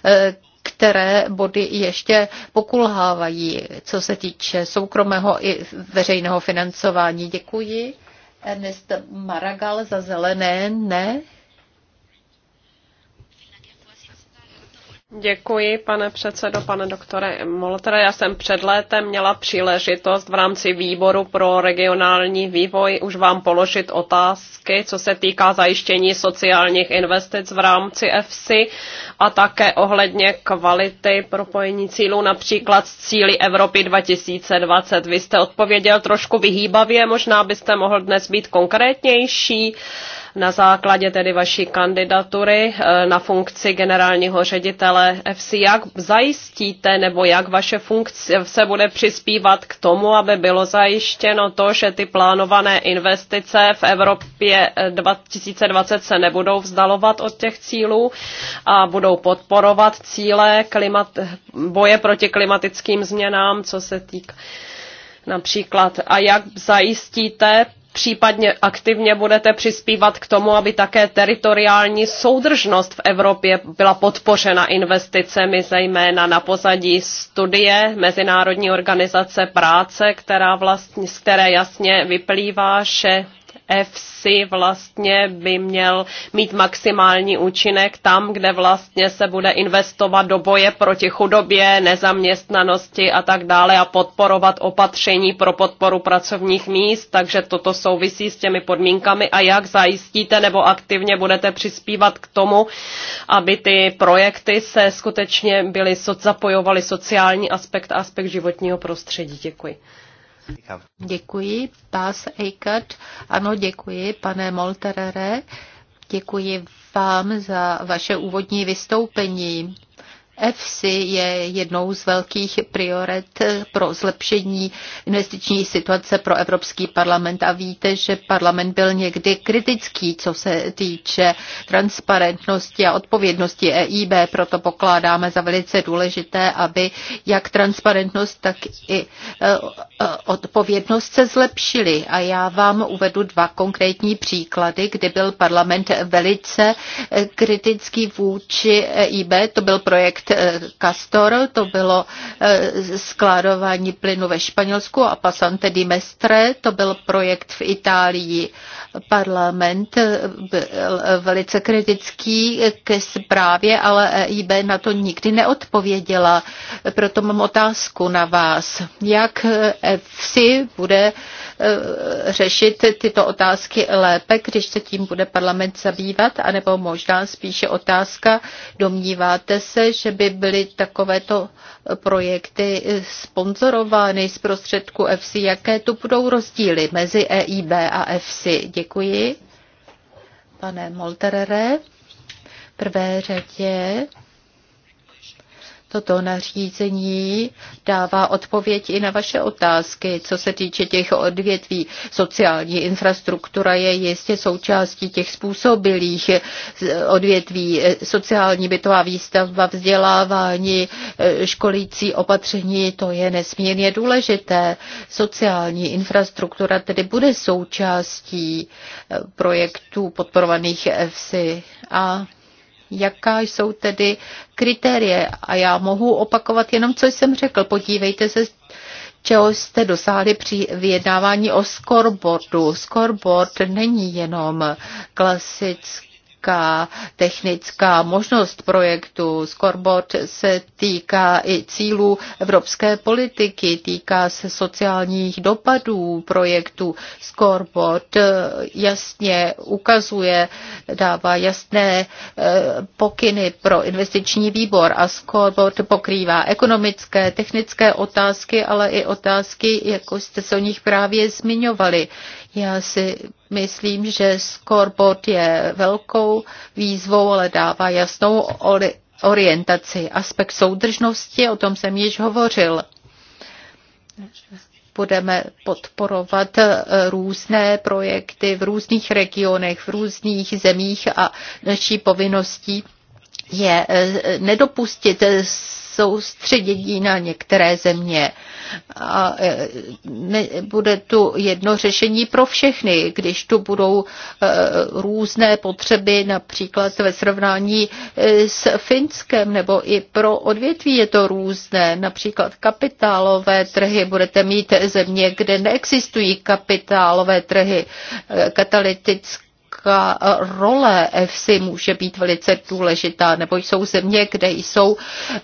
eh, které body ještě pokulhávají, co se týče soukromého i veřejného financování. Děkuji. Ernest Maragal za zelené, ne?
Děkuji, pane předsedo, pane doktore Moltere. Já jsem před létem měla příležitost v rámci výboru pro regionální vývoj už vám položit otázky, co se týká zajištění sociálních investic v rámci EFSI a také ohledně kvality propojení cílů, například z cíly Evropy 2020. Vy jste odpověděl trošku vyhýbavě, možná byste mohl dnes být konkrétnější na základě tedy vaší kandidatury eh, na funkci generálního ředitele FC, jak zajistíte nebo jak vaše funkce se bude přispívat k tomu, aby bylo zajištěno to, že ty plánované investice v Evropě 2020 eh, se nebudou vzdalovat od těch cílů a budou podporovat cíle klimat, boje proti klimatickým změnám, co se týká například a jak zajistíte případně aktivně budete přispívat k tomu, aby také teritoriální soudržnost v Evropě byla podpořena investicemi, zejména na pozadí studie Mezinárodní organizace práce, která vlastně, z které jasně vyplývá, že FC vlastně by měl mít maximální účinek tam, kde vlastně se bude investovat do boje proti chudobě, nezaměstnanosti a tak dále a podporovat opatření pro podporu pracovních míst, takže toto souvisí s těmi podmínkami a jak zajistíte nebo aktivně budete přispívat k tomu, aby ty projekty se skutečně byly zapojovaly sociální aspekt a aspekt životního prostředí. Děkuji.
Děkuji, Pás Eikert. Ano, děkuji, pane Molterere. Děkuji vám za vaše úvodní vystoupení. EFSI je jednou z velkých priorit pro zlepšení investiční situace pro Evropský parlament a víte, že parlament byl někdy kritický, co se týče transparentnosti a odpovědnosti EIB, proto pokládáme za velice důležité, aby jak transparentnost, tak i e, e, odpovědnost se zlepšily. A já vám uvedu dva konkrétní příklady, kdy byl parlament velice e, kritický vůči EIB. To byl projekt Castor, to bylo eh, skládování plynu ve Španělsku a Passante di Mestre, to byl projekt v Itálii. Parlament byl velice kritický ke zprávě, ale EIB na to nikdy neodpověděla. Proto mám otázku na vás. Jak EFSI bude eh, řešit tyto otázky lépe, když se tím bude parlament zabývat, anebo možná spíše otázka, domníváte se, že by byly takovéto projekty sponzorovány z prostředku EFSI? Jaké tu budou rozdíly mezi EIB a EFSI? Děkuji. Pane Molterere, prvé řadě Toto nařízení dává odpověď i na vaše otázky, co se týče těch odvětví. Sociální infrastruktura je jistě součástí těch způsobilých eh, odvětví. Sociální bytová výstavba, vzdělávání, eh, školící opatření, to je nesmírně důležité. Sociální infrastruktura tedy bude součástí eh, projektů podporovaných EFSI a Jaká jsou tedy kritérie? A já mohu opakovat jenom, co jsem řekl. Podívejte se, čeho jste dosáhli při vyjednávání o scoreboardu. Scoreboard není jenom klasický jaká technická možnost projektu. Scoreboard se týká i cílů evropské politiky, týká se sociálních dopadů projektu. Scoreboard eh, jasně ukazuje, dává jasné eh, pokyny pro investiční výbor a scoreboard pokrývá ekonomické, technické otázky, ale i otázky, jako jste se o nich právě zmiňovali. Já si myslím, že scoreboard je velkou výzvou, ale dává jasnou orientaci. Aspekt soudržnosti, o tom jsem již hovořil. Budeme podporovat eh, různé projekty v různých regionech, v různých zemích a naší povinností je eh, nedopustit soustředění na některé země. A eh, bude tu jedno řešení pro všechny, když tu budou eh, různé potřeby, například ve srovnání s Finskem, nebo i pro odvětví je to různé, například kapitálové trhy. Budete mít země, kde neexistují kapitálové trhy, katalytické jaká eh, role EFSI může být velice důležitá, nebo jsou země, kde jsou eh,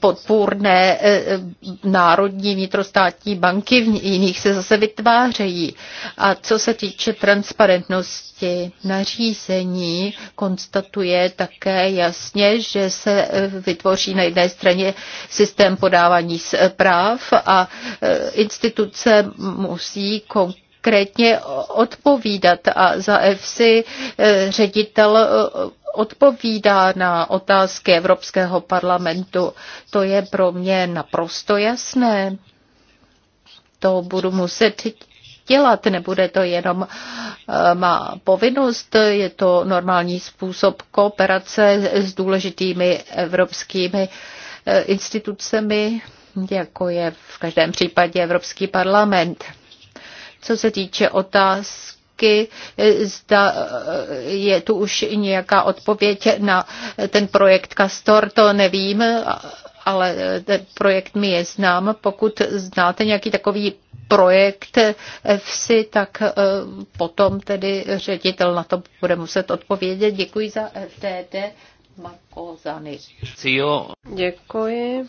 podpůrné eh, národní vnitrostátní banky, v jiných se zase vytvářejí. A co se týče transparentnosti nařízení, konstatuje také jasně, že se vytvoří na jedné straně systém podávání zpráv a instituce musí konkurovat konkrétně odpovídat a za EFSI eh, ředitel eh, odpovídá na otázky Evropského parlamentu. To je pro mě naprosto jasné. To budu muset dělat, nebude to jenom eh, má povinnost, je to normální způsob kooperace s důležitými evropskými institucemi, jako je v každém případě Evropský parlament. Co se týče otázky, eh, zda eh, je tu už nějaká odpověď na ten projekt Castor, to nevím, ale eh, ten projekt mi je znám. Pokud znáte nějaký takový projekt EFSI, tak potom tedy ředitel na to bude muset odpovědět. Děkuji za FTT. Marko Zany. Děkuji.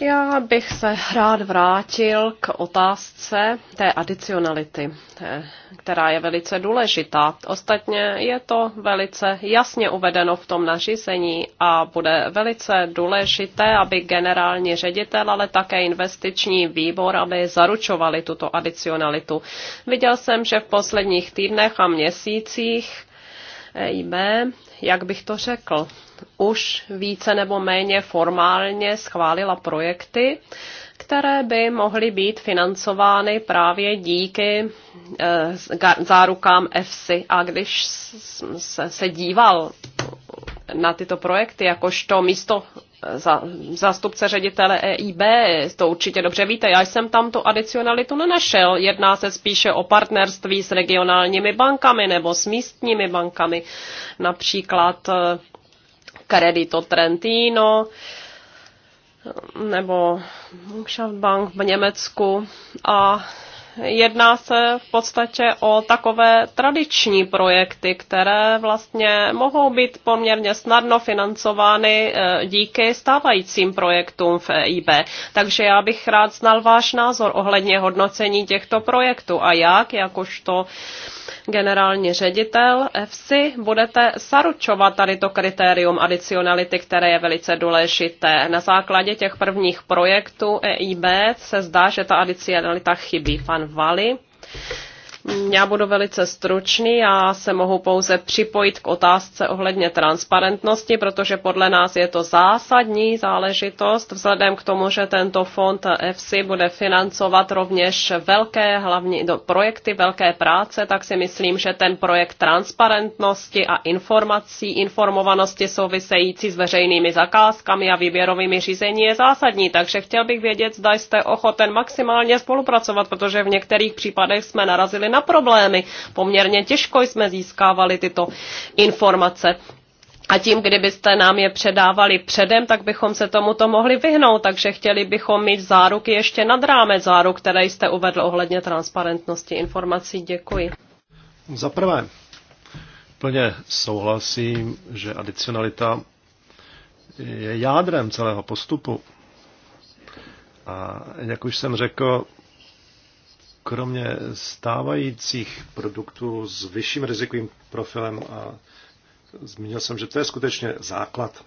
Já
bych se rád vrátil k otázce té adicionality, eh, která je velice důležitá. Ostatně je to velice jasně uvedeno v tom nařízení a bude velice důležité, aby generální ředitel, ale také investiční výbor, aby zaručovali tuto adicionalitu. Viděl jsem, že v posledních týdnech a měsících eh, jme, jak bych to řekl, už více nebo méně formálně schválila projekty, které by mohly být financovány právě díky eh, zárukám EFSI. A když se díval na tyto projekty, jakožto místo eh, za, zástupce ředitele EIB, to určitě dobře víte, já jsem tam tu adicionalitu nenašel. Jedná se spíše o partnerství s regionálními bankami nebo s místními bankami. Například eh, Credito Trentino nebo Bank v Německu a jedná se v podstatě o takové tradiční projekty, které vlastně mohou být poměrně snadno financovány eh, díky stávajícím projektům v EIB. Takže já bych rád znal váš názor ohledně hodnocení těchto projektů a jak, jakožto generální ředitel EFSI, budete saručovat tady to kritérium adicionality, které je velice důležité. Na základě těch prvních projektů EIB se zdá, že ta adicionalita chybí. Pan Vali. Já budu velice stručný, a se mohu pouze připojit k otázce ohledně transparentnosti, protože podle nás je to zásadní záležitost, vzhledem k tomu, že tento fond EFSI bude financovat rovněž velké hlavní do, projekty, velké práce, tak si myslím, že ten projekt transparentnosti a informací, informovanosti související s veřejnými zakázkami a výběrovými řízení je zásadní, takže chtěl bych vědět, zda jste ochoten maximálně spolupracovat, protože v některých případech jsme narazili na na problémy. Poměrně těžko jsme získávali tyto informace. A tím, kdybyste nám je předávali předem, tak bychom se tomuto mohli vyhnout, takže chtěli bychom mít záruky ještě nad rámec záruk, které jste uvedl ohledně transparentnosti informací. Děkuji.
Za prvé, plně souhlasím, že adicionalita je jádrem celého postupu. A jak už jsem řekl, kromě stávajících produktů s vyšším rizikovým profilem a zmínil jsem, že to je skutečně základ.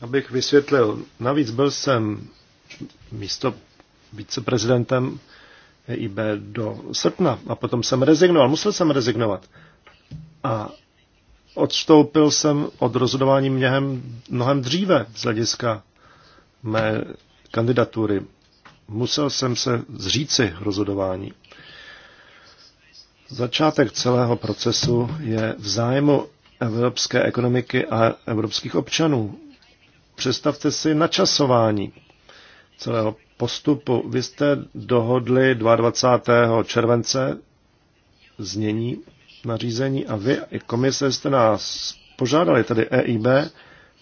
Abych vysvětlil, navíc byl jsem místo viceprezidentem EIB do srpna a potom jsem rezignoval, musel jsem rezignovat. A odstoupil jsem od rozhodování mnohem, mnohem dříve z hlediska mé kandidatury musel jsem se zříci rozhodování. Začátek celého procesu je v zájmu evropské ekonomiky a evropských občanů. Představte si načasování celého postupu. Vy jste dohodli 22. července znění nařízení a vy i komise jste nás požádali, tedy EIB,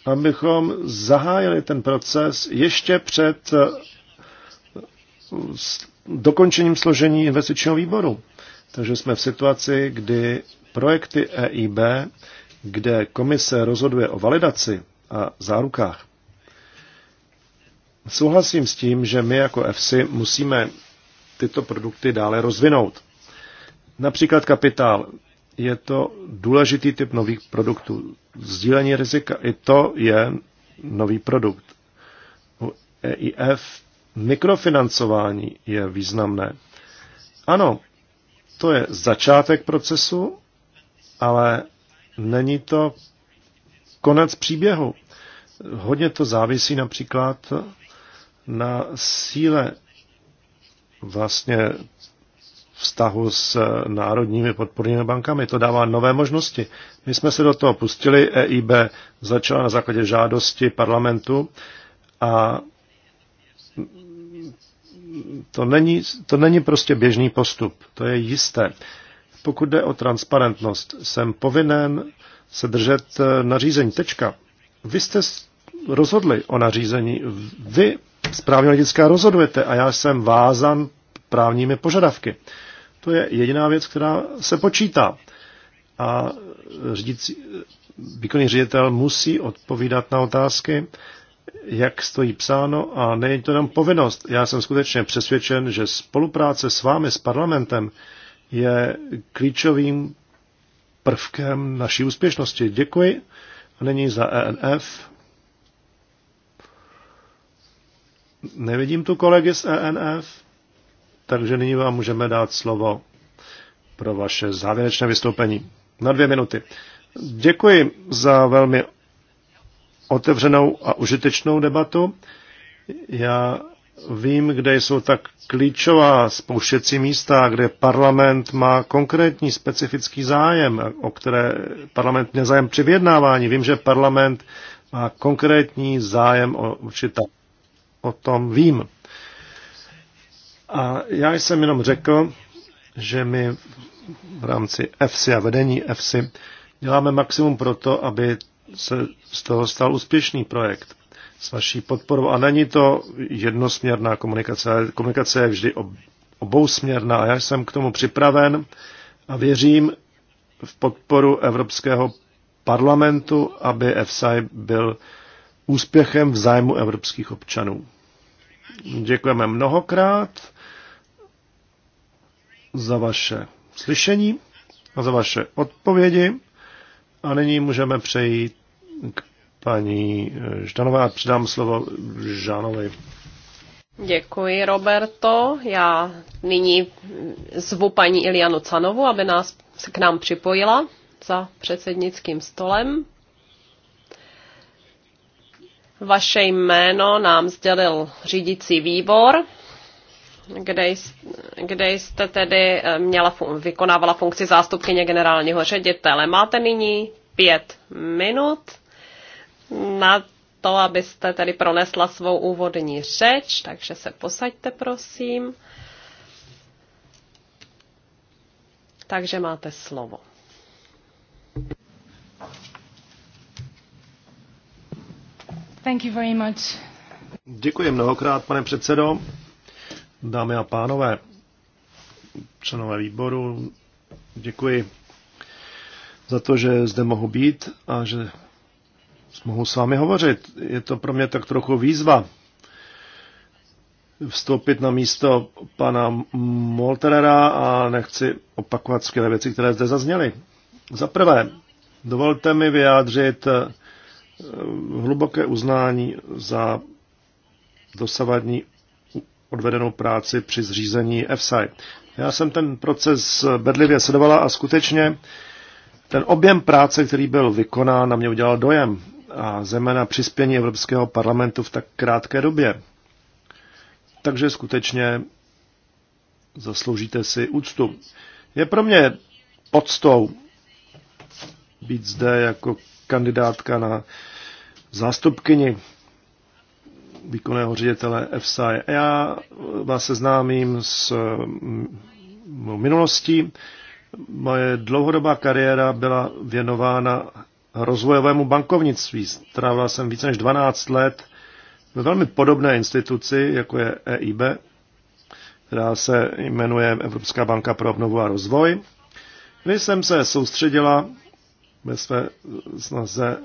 abychom zahájili ten proces ještě před s dokončením složení investičního výboru. Takže jsme v situaci, kdy projekty EIB, kde komise rozhoduje o validaci a zárukách, souhlasím s tím, že my jako EFSI musíme tyto produkty dále rozvinout. Například kapitál. Je to důležitý typ nových produktů. Sdílení rizika, i to je nový produkt. U EIF mikrofinancování je významné. Ano, to je začátek procesu, ale není to konec příběhu. Hodně to závisí například na síle vlastně vztahu s národními podpornými bankami. To dává nové možnosti. My jsme se do toho pustili, EIB začala na základě žádosti parlamentu a to není, to není prostě běžný postup, to je jisté. Pokud jde o transparentnost, jsem povinen se držet eh, nařízení. Tečka. Vy jste rozhodli o nařízení. Vy správně lidská rozhodujete a já jsem vázan právními požadavky. To je jediná věc, která se počítá. A eh, řídící, eh, výkonný ředitel musí odpovídat na otázky jak stojí psáno a není to jenom povinnost. Já jsem skutečně přesvědčen, že spolupráce s vámi, s parlamentem, je klíčovým prvkem naší úspěšnosti. Děkuji. A není za ENF. Nevidím tu kolegy z ENF, takže nyní vám můžeme dát slovo pro vaše závěrečné vystoupení. Na dvě minuty. Děkuji za velmi otevřenou a užitečnou debatu. Já vím, kde jsou tak klíčová spouštěcí místa, kde parlament má konkrétní specifický zájem, o které parlament měl zájem při vyjednávání. Vím, že parlament má konkrétní zájem o určitá. O tom vím. A já jsem jenom řekl, že my v rámci EFSI a vedení EFSI děláme maximum pro to, aby se z toho stal úspěšný projekt s vaší podporou. A není to jednosměrná komunikace. Komunikace je vždy obousměrná. A já jsem k tomu připraven a věřím v podporu Evropského parlamentu, aby EFSAI byl úspěchem v zájmu evropských občanů. Děkujeme mnohokrát za vaše slyšení a za vaše odpovědi. A nyní můžeme přejít k paní eh, a Předám slovo Žánovi.
Děkuji, Roberto. Já nyní zvu paní Ilianu Canovu, aby nás k nám připojila za předsednickým stolem. Vaše jméno nám sdělil řídící výbor, kde kde jste tedy eh, měla, vykonávala funkci zástupkyně generálního ředitele. Máte nyní pět minut na to, abyste tedy pronesla svou úvodní řeč, takže se posaďte, prosím. Takže máte slovo.
Thank you very much. Děkuji mnohokrát, pane předsedo. Dámy a pánové, členové výboru. Děkuji za to, že zde mohu být a že mohu s vámi hovořit. Je to pro mě tak trochu výzva vstoupit na místo pana Molterera a nechci opakovat skvělé věci, které zde zazněly. Za prvé, dovolte mi vyjádřit eh, hluboké uznání za dosavadní odvedenou práci při zřízení EFSAI. Já jsem ten proces bedlivě sledovala a skutečně ten objem práce, který byl vykonán, na mě udělal dojem. A zejména přispění Evropského parlamentu v tak krátké době. Takže skutečně zasloužíte si úctu. Je pro mě podstou být zde jako kandidátka na zástupkyni výkonného ředitele FSI. Já vás seznámím s mm, minulostí. Moje dlouhodobá kariéra byla věnována rozvojovému bankovnictví. Strávila jsem více než 12 let ve velmi podobné instituci, jako je EIB, která se jmenuje Evropská banka pro obnovu a rozvoj, kdy jsem se soustředila ve své snaze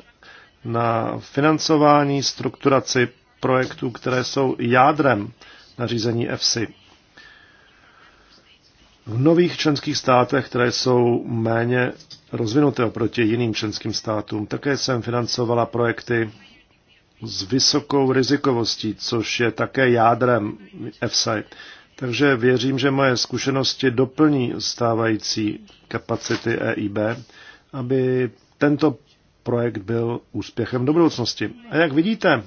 na financování, strukturaci projektů, které jsou jádrem nařízení EFSI. V nových členských státech, které jsou méně rozvinuté oproti jiným členským státům, také jsem financovala projekty s vysokou rizikovostí, což je také jádrem EFSI. Takže věřím, že moje zkušenosti doplní stávající kapacity EIB, aby tento projekt byl úspěchem do budoucnosti. A jak vidíte,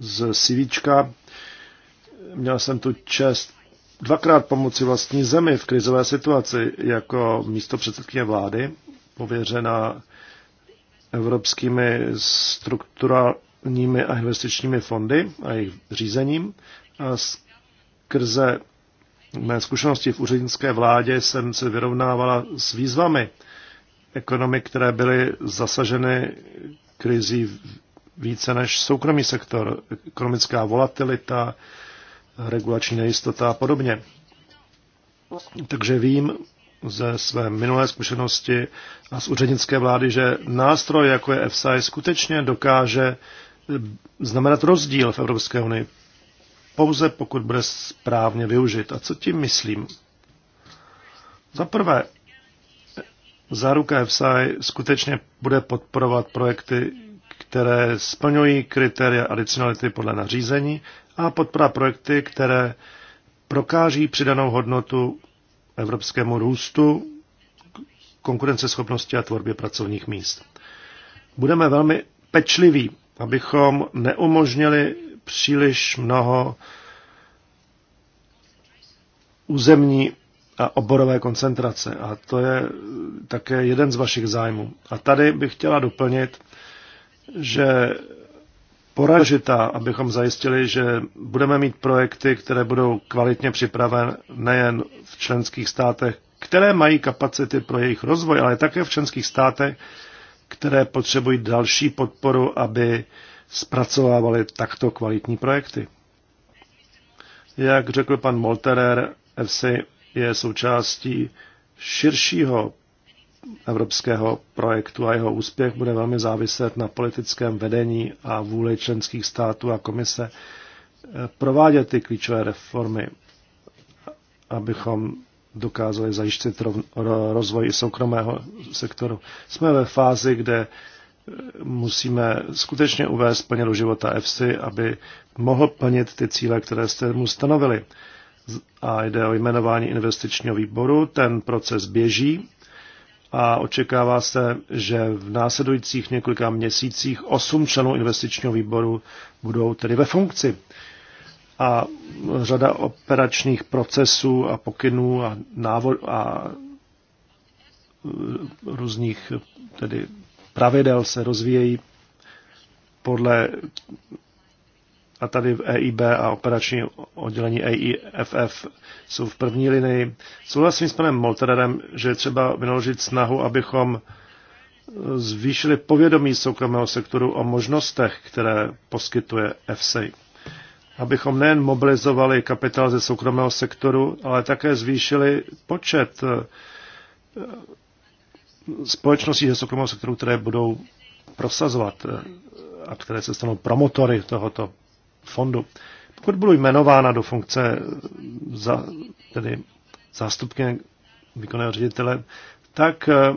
z Sivíčka Měl jsem tu čest dvakrát pomoci vlastní zemi v krizové situaci jako místo předsedkyně vlády, pověřena evropskými strukturálními a investičními fondy a jejich řízením. A skrze mé zkušenosti v úřednické vládě jsem se vyrovnávala s výzvami ekonomik, které byly zasaženy krizí více než soukromý sektor, ekonomická volatilita, regulační nejistota a podobně. Takže vím ze své minulé zkušenosti a z úřednické vlády, že nástroj jako je EFSA skutečně dokáže znamenat rozdíl v Evropské unii, pouze pokud bude správně využit. A co tím myslím? Za prvé, záruka EFSA skutečně bude podporovat projekty které splňují kritéria adicionality podle nařízení a podpora projekty, které prokáží přidanou hodnotu evropskému růstu, konkurenceschopnosti a tvorbě pracovních míst. Budeme velmi pečliví, abychom neumožnili příliš mnoho územní a oborové koncentrace. A to je také jeden z vašich zájmů. A tady bych chtěla doplnit, že poražitá, abychom zajistili, že budeme mít projekty, které budou kvalitně připraveny, nejen v členských státech, které mají kapacity pro jejich rozvoj, ale také v členských státech, které potřebují další podporu, aby zpracovávali takto kvalitní projekty. Jak řekl pan Molterer, FC je součástí širšího evropského projektu a jeho úspěch bude velmi záviset na politickém vedení a vůli členských států a komise eh, provádět ty klíčové reformy, abychom dokázali zajistit rozvoj i soukromého sektoru. Jsme ve fázi, kde eh, musíme skutečně uvést plně do života EFSI, aby mohl plnit ty cíle, které jste mu stanovili. A jde o jmenování investičního výboru, ten proces běží a očekává se, že v následujících několika měsících osm členů investičního výboru budou tedy ve funkci. A řada operačních procesů a pokynů a, návod, a e, různých tedy pravidel se rozvíjejí podle a tady v EIB a operační oddělení EIFF jsou v první linii. Souhlasím s panem Molterem, že je třeba vynaložit snahu, abychom zvýšili povědomí soukromého sektoru o možnostech, které poskytuje EFSI. Abychom nejen mobilizovali kapitál ze soukromého sektoru, ale také zvýšili počet eh, společností ze soukromého sektoru, které budou prosazovat eh, a které se stanou promotory tohoto fondu. Pokud budu jmenována do funkce za, tedy zástupkyně výkonného ředitele, tak eh,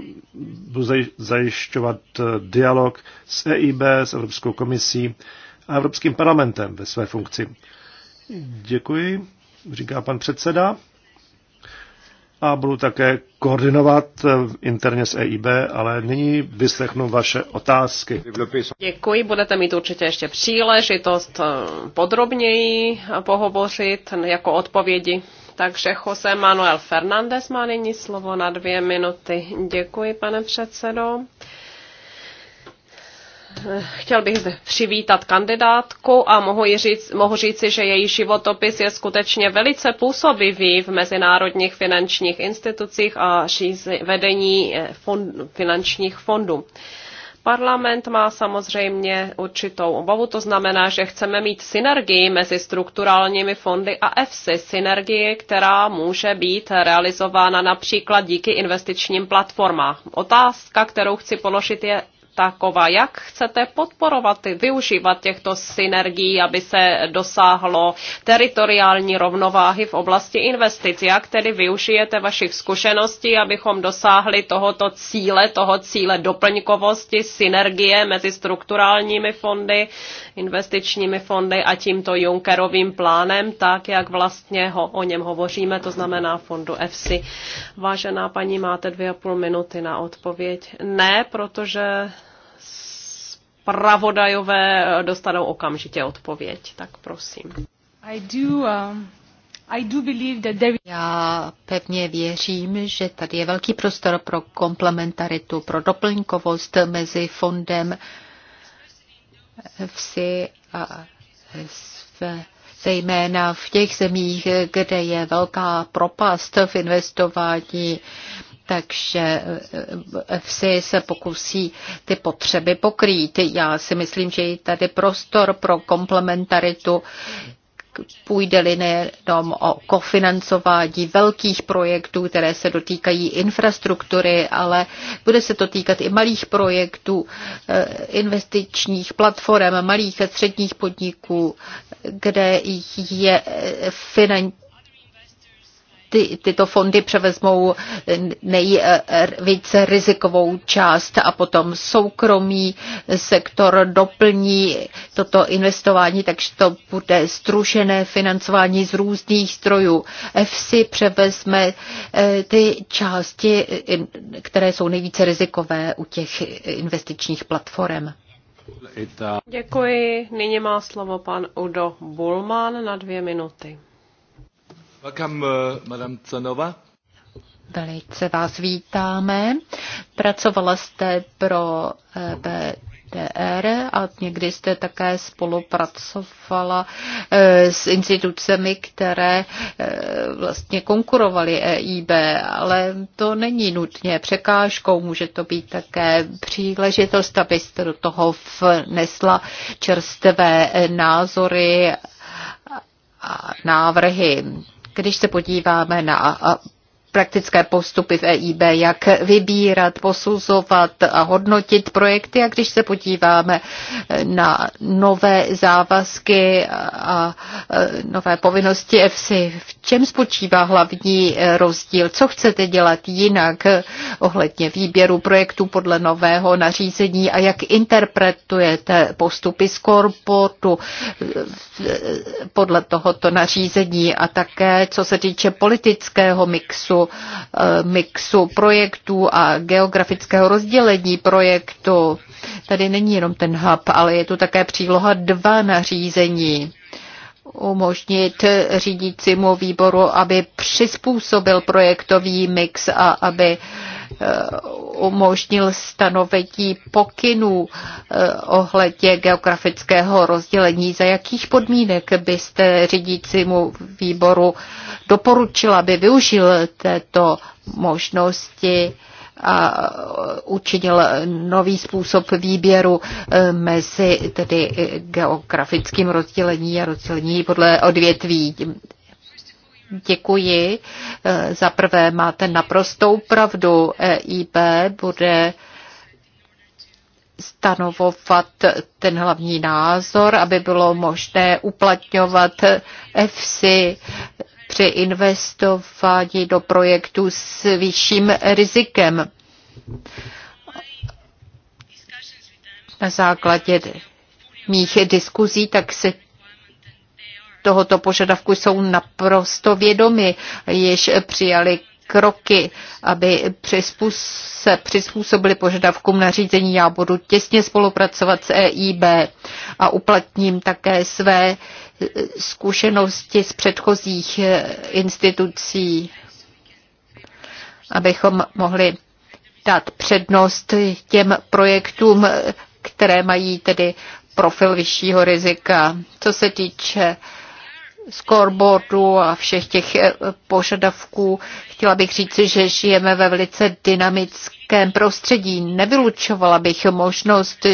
budu zajišťovat eh, dialog s EIB, s Evropskou komisí a Evropským parlamentem ve své funkci. Děkuji, říká pan předseda a budu také koordinovat eh, interně s EIB, ale nyní vyslechnu vaše otázky.
Děkuji, budete mít určitě ještě příležitost eh, podrobněji pohovořit jako odpovědi. Takže Jose Manuel Fernández má nyní slovo na dvě minuty. Děkuji, pane předsedo chtěl bych zde přivítat kandidátku a mohu, jí říct, mohu říci, že její životopis je skutečně velice působivý v mezinárodních finančních institucích a vedení eh, fond, finančních fondů. Parlament má samozřejmě určitou obavu, to znamená, že chceme mít synergii mezi strukturálními fondy a EFSI, synergii, která může být realizována například díky investičním platformám. Otázka, kterou chci položit, je taková. Jak chcete podporovat, využívat těchto synergií, aby se dosáhlo teritoriální rovnováhy v oblasti investic? Jak tedy využijete vašich zkušeností, abychom dosáhli tohoto cíle, toho cíle doplňkovosti, synergie mezi strukturálními fondy, investičními fondy a tímto Junckerovým plánem, tak jak vlastně ho, o něm hovoříme, to znamená fondu EFSI. Vážená paní, máte dvě a půl minuty na odpověď. Ne, protože pravodajové eh, dostanou okamžitě odpověď. Tak prosím.
I do, um... Já pevně věřím, že tady je velký prostor pro komplementaritu, pro doplňkovost mezi fondem vsi a své zejména v těch zemích, kde je velká propast v investování takže eh, eh, FSI se pokusí ty potřeby pokrýt. Já si myslím, že je tady prostor pro komplementaritu půjde-li nejenom o kofinancování velkých projektů, které se dotýkají infrastruktury, ale bude se to týkat i malých projektů, eh, investičních platform, malých a středních podniků, kde je finanční ty, tyto fondy převezmou nejvíce rizikovou část a potom soukromý sektor doplní toto investování, takže to bude strušené financování z různých strojů. EFSI převezme eh, ty části, eh, které jsou nejvíce rizikové u těch investičních platform.
Děkuji. Nyní má slovo pan Udo Bulman na dvě
minuty. Welcome, uh, Madame
Velice vás vítáme. Pracovala jste pro BDR eh, a někdy jste také spolupracovala eh, s institucemi, které eh, vlastně konkurovaly EIB, ale to není nutně překážkou, může to být také příležitost, abyste do toho vnesla čerstvé názory a návrhy když se podíváme na praktické postupy v EIB, jak vybírat, posuzovat a hodnotit projekty. A když se podíváme eh, na nové závazky a eh, nové povinnosti EFSI, v čem spočívá hlavní eh, rozdíl? Co chcete dělat jinak ohledně výběru projektů podle nového nařízení a jak interpretujete postupy z korportu podle tohoto nařízení a také co se týče politického mixu Eh, mixu projektů a geografického rozdělení projektu. Tady není jenom ten hub, ale je tu také příloha 2 nařízení umožnit řídícímu výboru, aby přizpůsobil projektový mix a aby uh, Eh, umožnil stanovení pokynů eh, ohledně geografického rozdělení. Za jakých podmínek byste řídícímu výboru doporučila, aby využil této možnosti? a učinil nový způsob výběru eh, mezi tedy geografickým rozdělení a rozdělení podle odvětví. Děkuji. Eh, za prvé máte naprostou pravdu. EIB bude stanovovat ten hlavní názor, aby bylo možné uplatňovat EFSI při investování do projektů s vyšším rizikem. Na základě mých diskuzí, tak se tohoto požadavku jsou naprosto vědomi, již přijali kroky, aby se přizpůsobili požadavkům nařízení. Já budu těsně spolupracovat s EIB a uplatním také své zkušenosti z předchozích eh, institucí, abychom mohli dát přednost těm projektům, které mají tedy profil vyššího rizika. Co se týče scoreboardu a všech těch eh, požadavků. Chtěla bych říci, že žijeme ve velice dynamickém prostředí. Nevylučovala bych možnost,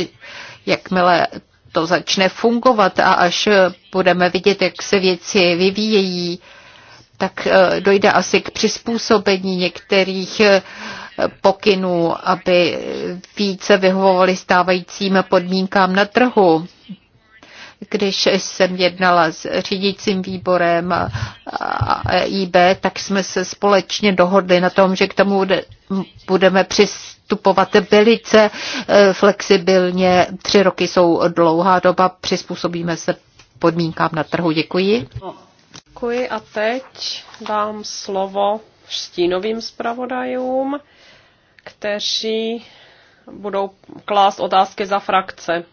jakmile to začne fungovat a až budeme vidět, jak se věci vyvíjejí, tak eh, dojde asi k přizpůsobení některých eh, pokynů, aby více vyhovovali stávajícím podmínkám na trhu. Když jsem jednala s řídícím výborem e IB, tak jsme se společně dohodli na tom, že k tomu budeme přistupovat velice e, flexibilně. Tři roky jsou dlouhá doba, přizpůsobíme se podmínkám na trhu. Děkuji.
Děkuji a teď dám slovo stínovým zpravodajům, kteří budou klást otázky za frakce.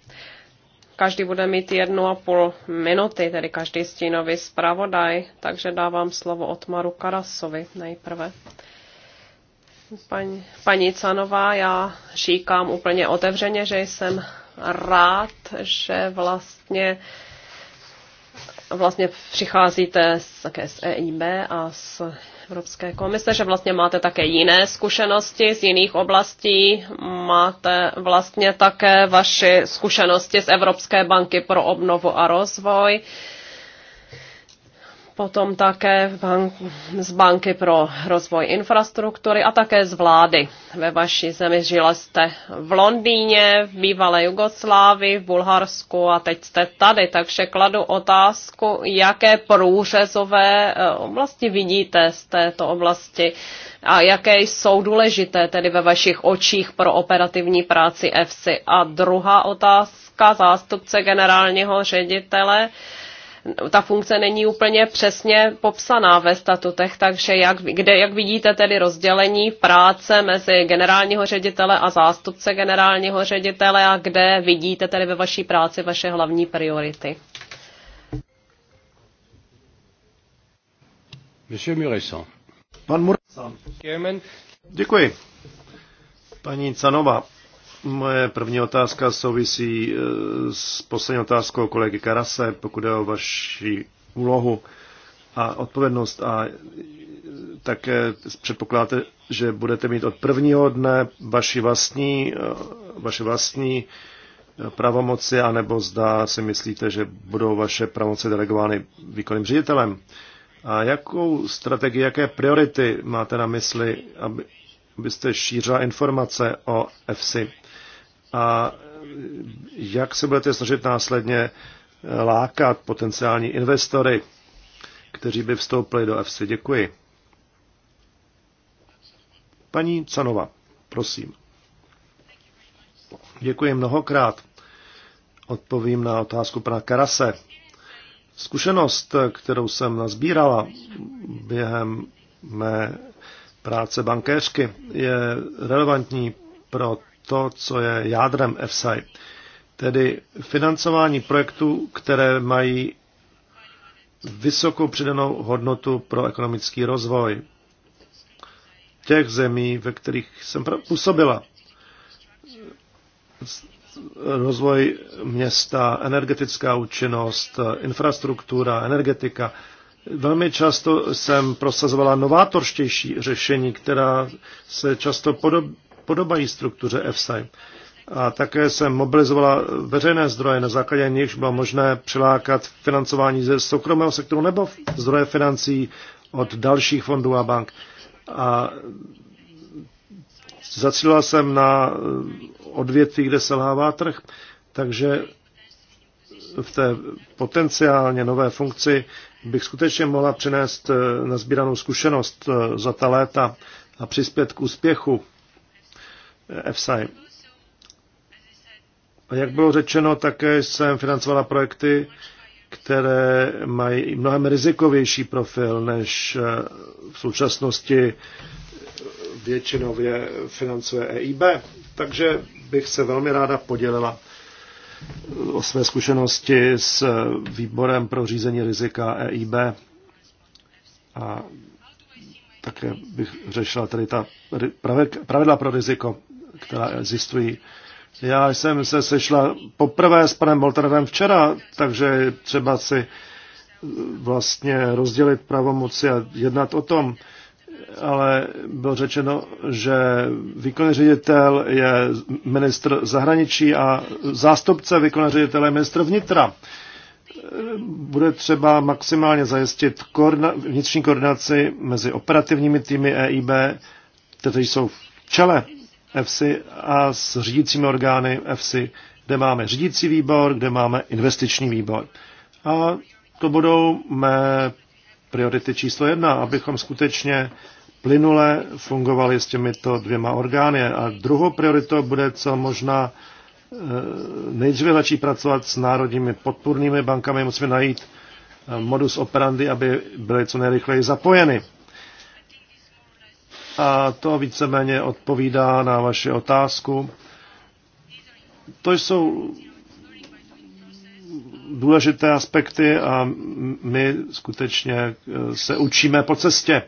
Každý bude mít jednu a půl minuty, tedy každý stínový zpravodaj, takže dávám slovo Otmaru Karasovi nejprve. Paní, paní Canová, já říkám úplně otevřeně, že jsem rád, že vlastně vlastně přicházíte z, také z EIB a z Evropské komise, že vlastně máte také jiné zkušenosti z jiných oblastí, máte vlastně také vaše zkušenosti z Evropské banky pro obnovu a rozvoj. Uh, potom také z Banky pro rozvoj infrastruktury a také z vlády. Ve vaší zemi žila jste v Londýně, v bývalé Jugoslávii, v Bulharsku a teď jste tady, takže kladu otázku, jaké průřezové eh, oblasti vidíte z této oblasti a jaké jsou důležité tedy ve vašich očích pro operativní práci EFSI. A druhá otázka zástupce generálního ředitele ta funkce není úplně přesně popsaná ve statutech, takže jak, kde, jak vidíte tedy rozdělení práce mezi generálního ředitele a zástupce generálního ředitele a kde vidíte tedy ve vaší práci vaše hlavní priority?
Monsieur Pan Murasan. Děkuji. Paní Canova, Moje první otázka souvisí e, s poslední otázkou kolegy Karase, pokud je o vaši úlohu a odpovědnost a e, také předpokládáte, že budete mít od prvního dne vaši vlastní, e, vaše vlastní pravomoci, anebo zda si myslíte, že budou vaše pravomoci delegovány výkonným ředitelem. A jakou strategii, jaké priority máte na mysli, aby, abyste šířila informace o EFSI a jak se budete snažit následně lákat potenciální investory, kteří by vstoupili do FC. Děkuji. Paní Canova, prosím. Děkuji mnohokrát. Odpovím na otázku pana Karase. Zkušenost, kterou jsem nazbírala během mé práce bankéřky, je relevantní pro to, co je jádrem EFSI, tedy financování projektů, které mají vysokou přidanou hodnotu pro ekonomický rozvoj těch zemí, ve kterých jsem působila. Rozvoj města, energetická účinnost, infrastruktura, energetika. Velmi často jsem prosazovala novátorštější řešení, která se často podob, podobají struktuře EFSAI. A také jsem mobilizovala veřejné zdroje, na základě nichž bylo možné přilákat financování ze soukromého sektoru nebo zdroje financí od dalších fondů a bank. A zacílila jsem na odvětví, kde selhává trh, takže v té potenciálně nové funkci bych skutečně mohla přinést eh, nazbíranou zkušenost eh, za ta léta a přispět k úspěchu EFSAI. A jak bylo řečeno, také jsem financovala projekty, které mají mnohem rizikovější profil než e, v současnosti většinově financuje EIB. Takže bych se velmi ráda podělila o své zkušenosti s výborem pro řízení rizika EIB a také bych řešila tady ta pravidla pro riziko která existují. Já jsem se sešla poprvé s panem Bolterem včera, takže třeba si eh, vlastně rozdělit pravomoci a jednat o tom, ale bylo řečeno, že výkonný ředitel je ministr zahraničí a zástupce výkonného ředitele je ministr vnitra. Eh, bude třeba maximálně zajistit koordina- vnitřní koordinaci mezi operativními týmy EIB, které jsou v čele EFSI a s řídícími orgány EFSI, kde máme řídící výbor, kde máme investiční výbor. A to budou mé priority číslo jedna, abychom skutečně plynule fungovali s těmito dvěma orgány. A druhou prioritou bude co možná e, nejdříve začít pracovat s národními podpůrnými bankami, musíme najít e, modus operandi, aby byly co nejrychleji zapojeny a to víceméně odpovídá na vaši otázku. To jsou důležité aspekty a my skutečně eh, se učíme po cestě.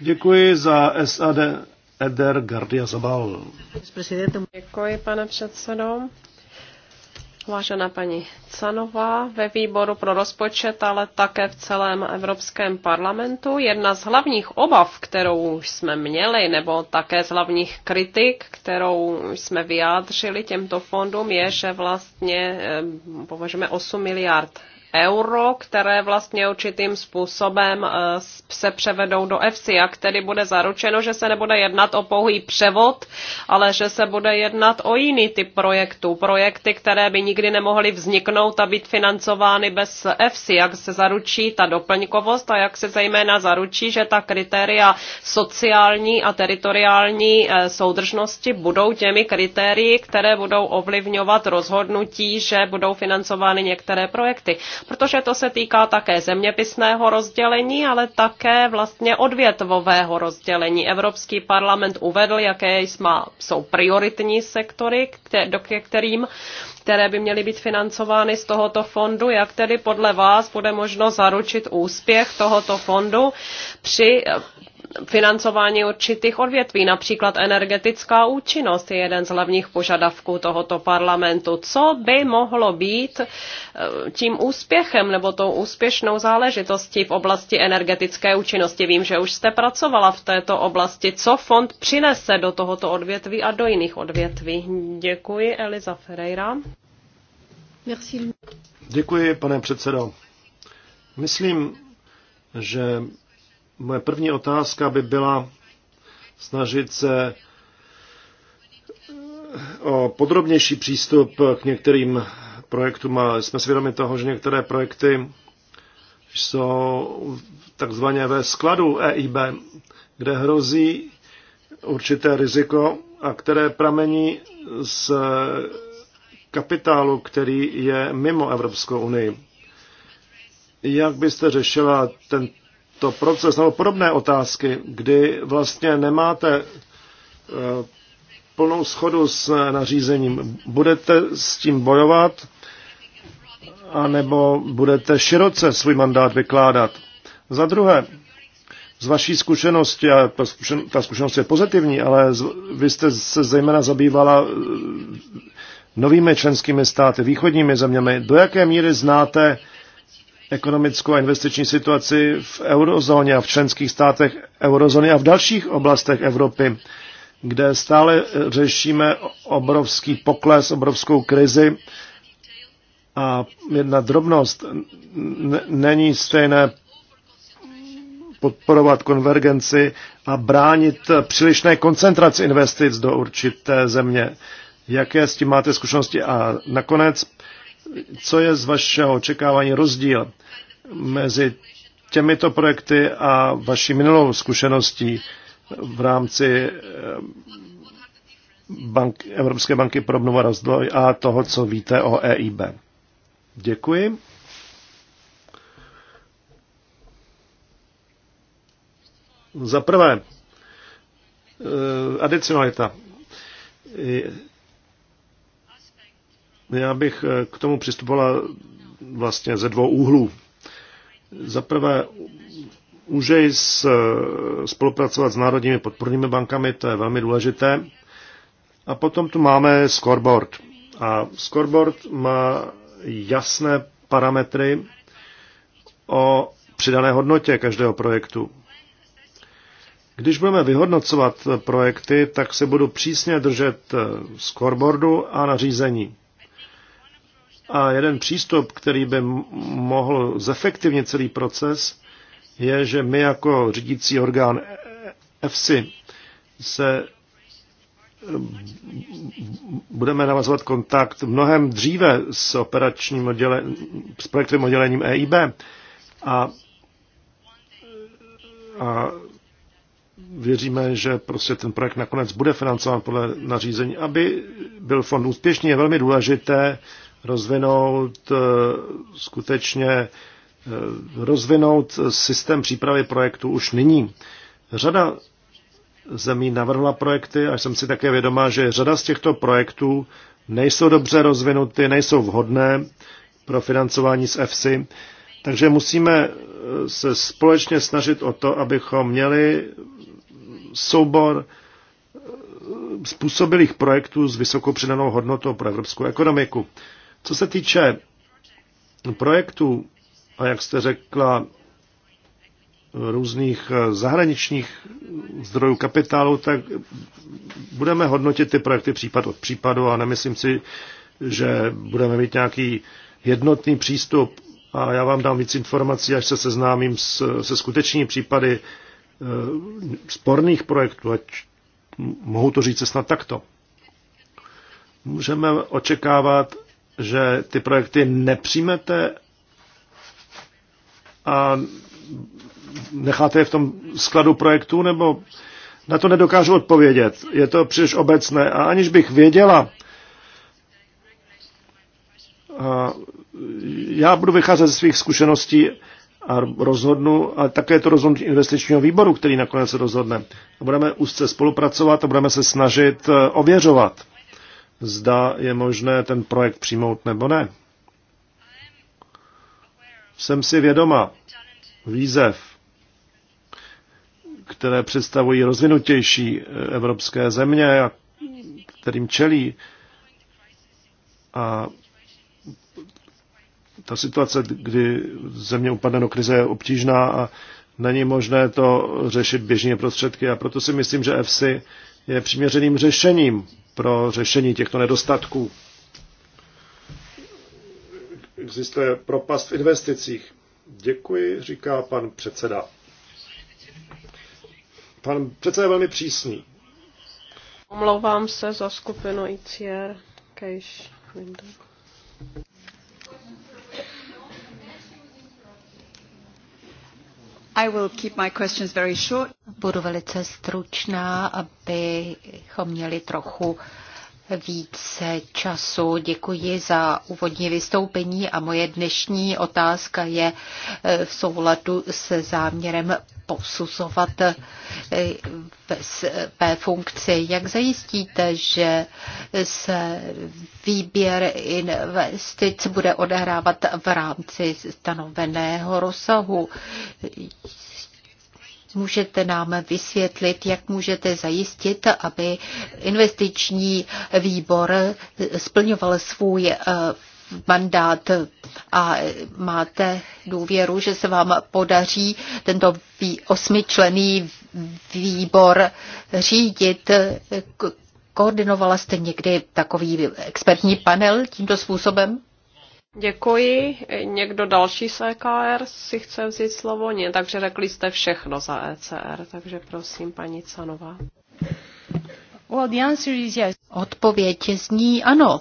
Děkuji za SAD Eder Gardia Zabal.
Děkuji, pane předsedo. Vážená paní Canová, ve výboru pro rozpočet, ale také v celém Evropském parlamentu, jedna z hlavních obav, kterou jsme měli, nebo také z hlavních kritik, kterou jsme vyjádřili těmto fondům, je, že vlastně eh, považujeme 8 miliard euro, které vlastně určitým způsobem eh, se převedou do EFSI, jak tedy bude zaručeno, že se nebude jednat o pouhý převod, ale že se bude jednat o jiný typ projektů, projekty, které by nikdy nemohly vzniknout a být financovány bez EFSI, jak se zaručí ta doplňkovost a jak se zejména zaručí, že ta kritéria sociální a teritoriální eh, soudržnosti budou těmi kritérii, které budou ovlivňovat rozhodnutí, že budou financovány některé projekty protože to se týká také zeměpisného rozdělení, ale také vlastně odvětvového rozdělení. Evropský parlament uvedl, jaké jsou prioritní sektory, do kterým které by měly být financovány z tohoto fondu. Jak tedy podle vás bude možno zaručit úspěch tohoto fondu při financování určitých odvětví, například energetická účinnost je jeden z hlavních požadavků tohoto parlamentu. Co by mohlo být eh, tím úspěchem nebo tou úspěšnou záležitostí v oblasti energetické účinnosti? Vím, že už jste pracovala v této oblasti. Co fond přinese do tohoto odvětví a do jiných odvětví? Děkuji, Eliza Ferreira.
Děkuji, pane předsedo. Myslím, že Moje první otázka by byla snažit se eh, o podrobnější přístup k některým projektům a jsme svědomi toho, že některé projekty jsou takzvaně ve skladu EIB, kde hrozí určité riziko a které pramení z kapitálu, který je mimo Evropskou unii. Jak byste řešila ten to proces nebo podobné otázky, kdy vlastně nemáte eh, plnou schodu s nařízením. Budete s tím bojovat, anebo budete široce svůj mandát vykládat. Za druhé, z vaší zkušenosti, a ta, zkušenost je pozitivní, ale vy jste se zejména zabývala eh, novými členskými státy, východními zeměmi. Do jaké míry znáte ekonomickou a investiční situaci v eurozóně a v členských státech eurozóny a v dalších oblastech Evropy, kde stále řešíme obrovský pokles, obrovskou krizi a jedna drobnost není stejné podporovat konvergenci a bránit přílišné koncentraci investic do určité země. Jaké s tím máte zkušenosti? A nakonec co je z vašeho očekávání rozdíl mezi těmito projekty a vaší minulou zkušeností v rámci eh, bank, Evropské banky pro obnovu a rozvoj a toho, co víte o EIB. Děkuji. Za prvé, eh, adicionalita. Já bych eh, k tomu přistupovala vlastně ze dvou úhlů. Za prvé, užej eh, spolupracovat s národními podpornými bankami, to je velmi důležité. A potom tu máme scoreboard. A scoreboard má jasné parametry o přidané hodnotě každého projektu. Když budeme vyhodnocovat projekty, tak se budu přísně držet eh, scoreboardu a nařízení. A jeden přístup, který by mohl zefektivnit celý proces, je, že my jako řídící orgán EFSI se budeme navazovat kontakt mnohem dříve s operačním oddělením, s projektovým oddělením EIB a, a věříme, že prostě ten projekt nakonec bude financován podle nařízení. Aby byl fond úspěšný, je velmi důležité, rozvinout eh, skutečně eh, rozvinout systém přípravy projektu už nyní. Řada zemí navrhla projekty a jsem si také vědomá, že řada z těchto projektů nejsou dobře rozvinuty, nejsou vhodné pro financování z EFSI, takže musíme eh, se společně snažit o to, abychom měli soubor způsobilých projektů s vysokou přidanou hodnotou pro evropskou ekonomiku. Co se týče projektů, a jak jste řekla, různých eh, zahraničních zdrojů kapitálu, tak budeme hodnotit ty projekty případ od případu a nemyslím si, že budeme mít nějaký jednotný přístup a já vám dám víc informací, až se seznámím s, se skutečnými případy e, sporných projektů, ať mohu to říct snad takto. Můžeme očekávat že ty projekty nepřijmete a necháte je v tom skladu projektů, nebo na to nedokážu odpovědět. Je to příliš obecné a aniž bych věděla, a já budu vycházet ze svých zkušeností a rozhodnu, a také je to rozhodnutí investičního výboru, který nakonec se rozhodne. A budeme úzce spolupracovat a budeme se snažit e, ověřovat zda je možné ten projekt přijmout nebo ne. Jsem si vědoma výzev, které představují rozvinutější e, evropské země, a kterým čelí. A ta situace, kdy země upadne do krize, je obtížná a není možné to řešit běžně prostředky. A proto si myslím, že EFSI je přiměřeným řešením pro řešení těchto nedostatků. Existuje propast v investicích. Děkuji, říká pan předseda. Pan předseda je velmi přísný.
Omlouvám se za skupinu ICR. Kejš, Windows.
Budu velice stručná, abychom měli trochu času více času. Děkuji za úvodní vystoupení a moje dnešní otázka je eh, v souladu se záměrem posuzovat ve eh, své eh, funkci. Jak zajistíte, že se výběr investic bude odehrávat v rámci stanoveného rozsahu? Můžete nám vysvětlit, jak můžete zajistit, aby investiční výbor splňoval svůj eh, mandát a máte důvěru, že se vám podaří tento osmičlený výbor řídit. Koordinovala jste někdy takový expertní panel tímto způsobem?
Děkuji. Někdo další z EKR si chce vzít slovo? Ne, takže řekli jste všechno za ECR, takže prosím, paní Canová.
Well, the answer is yes. Odpověď zní ano.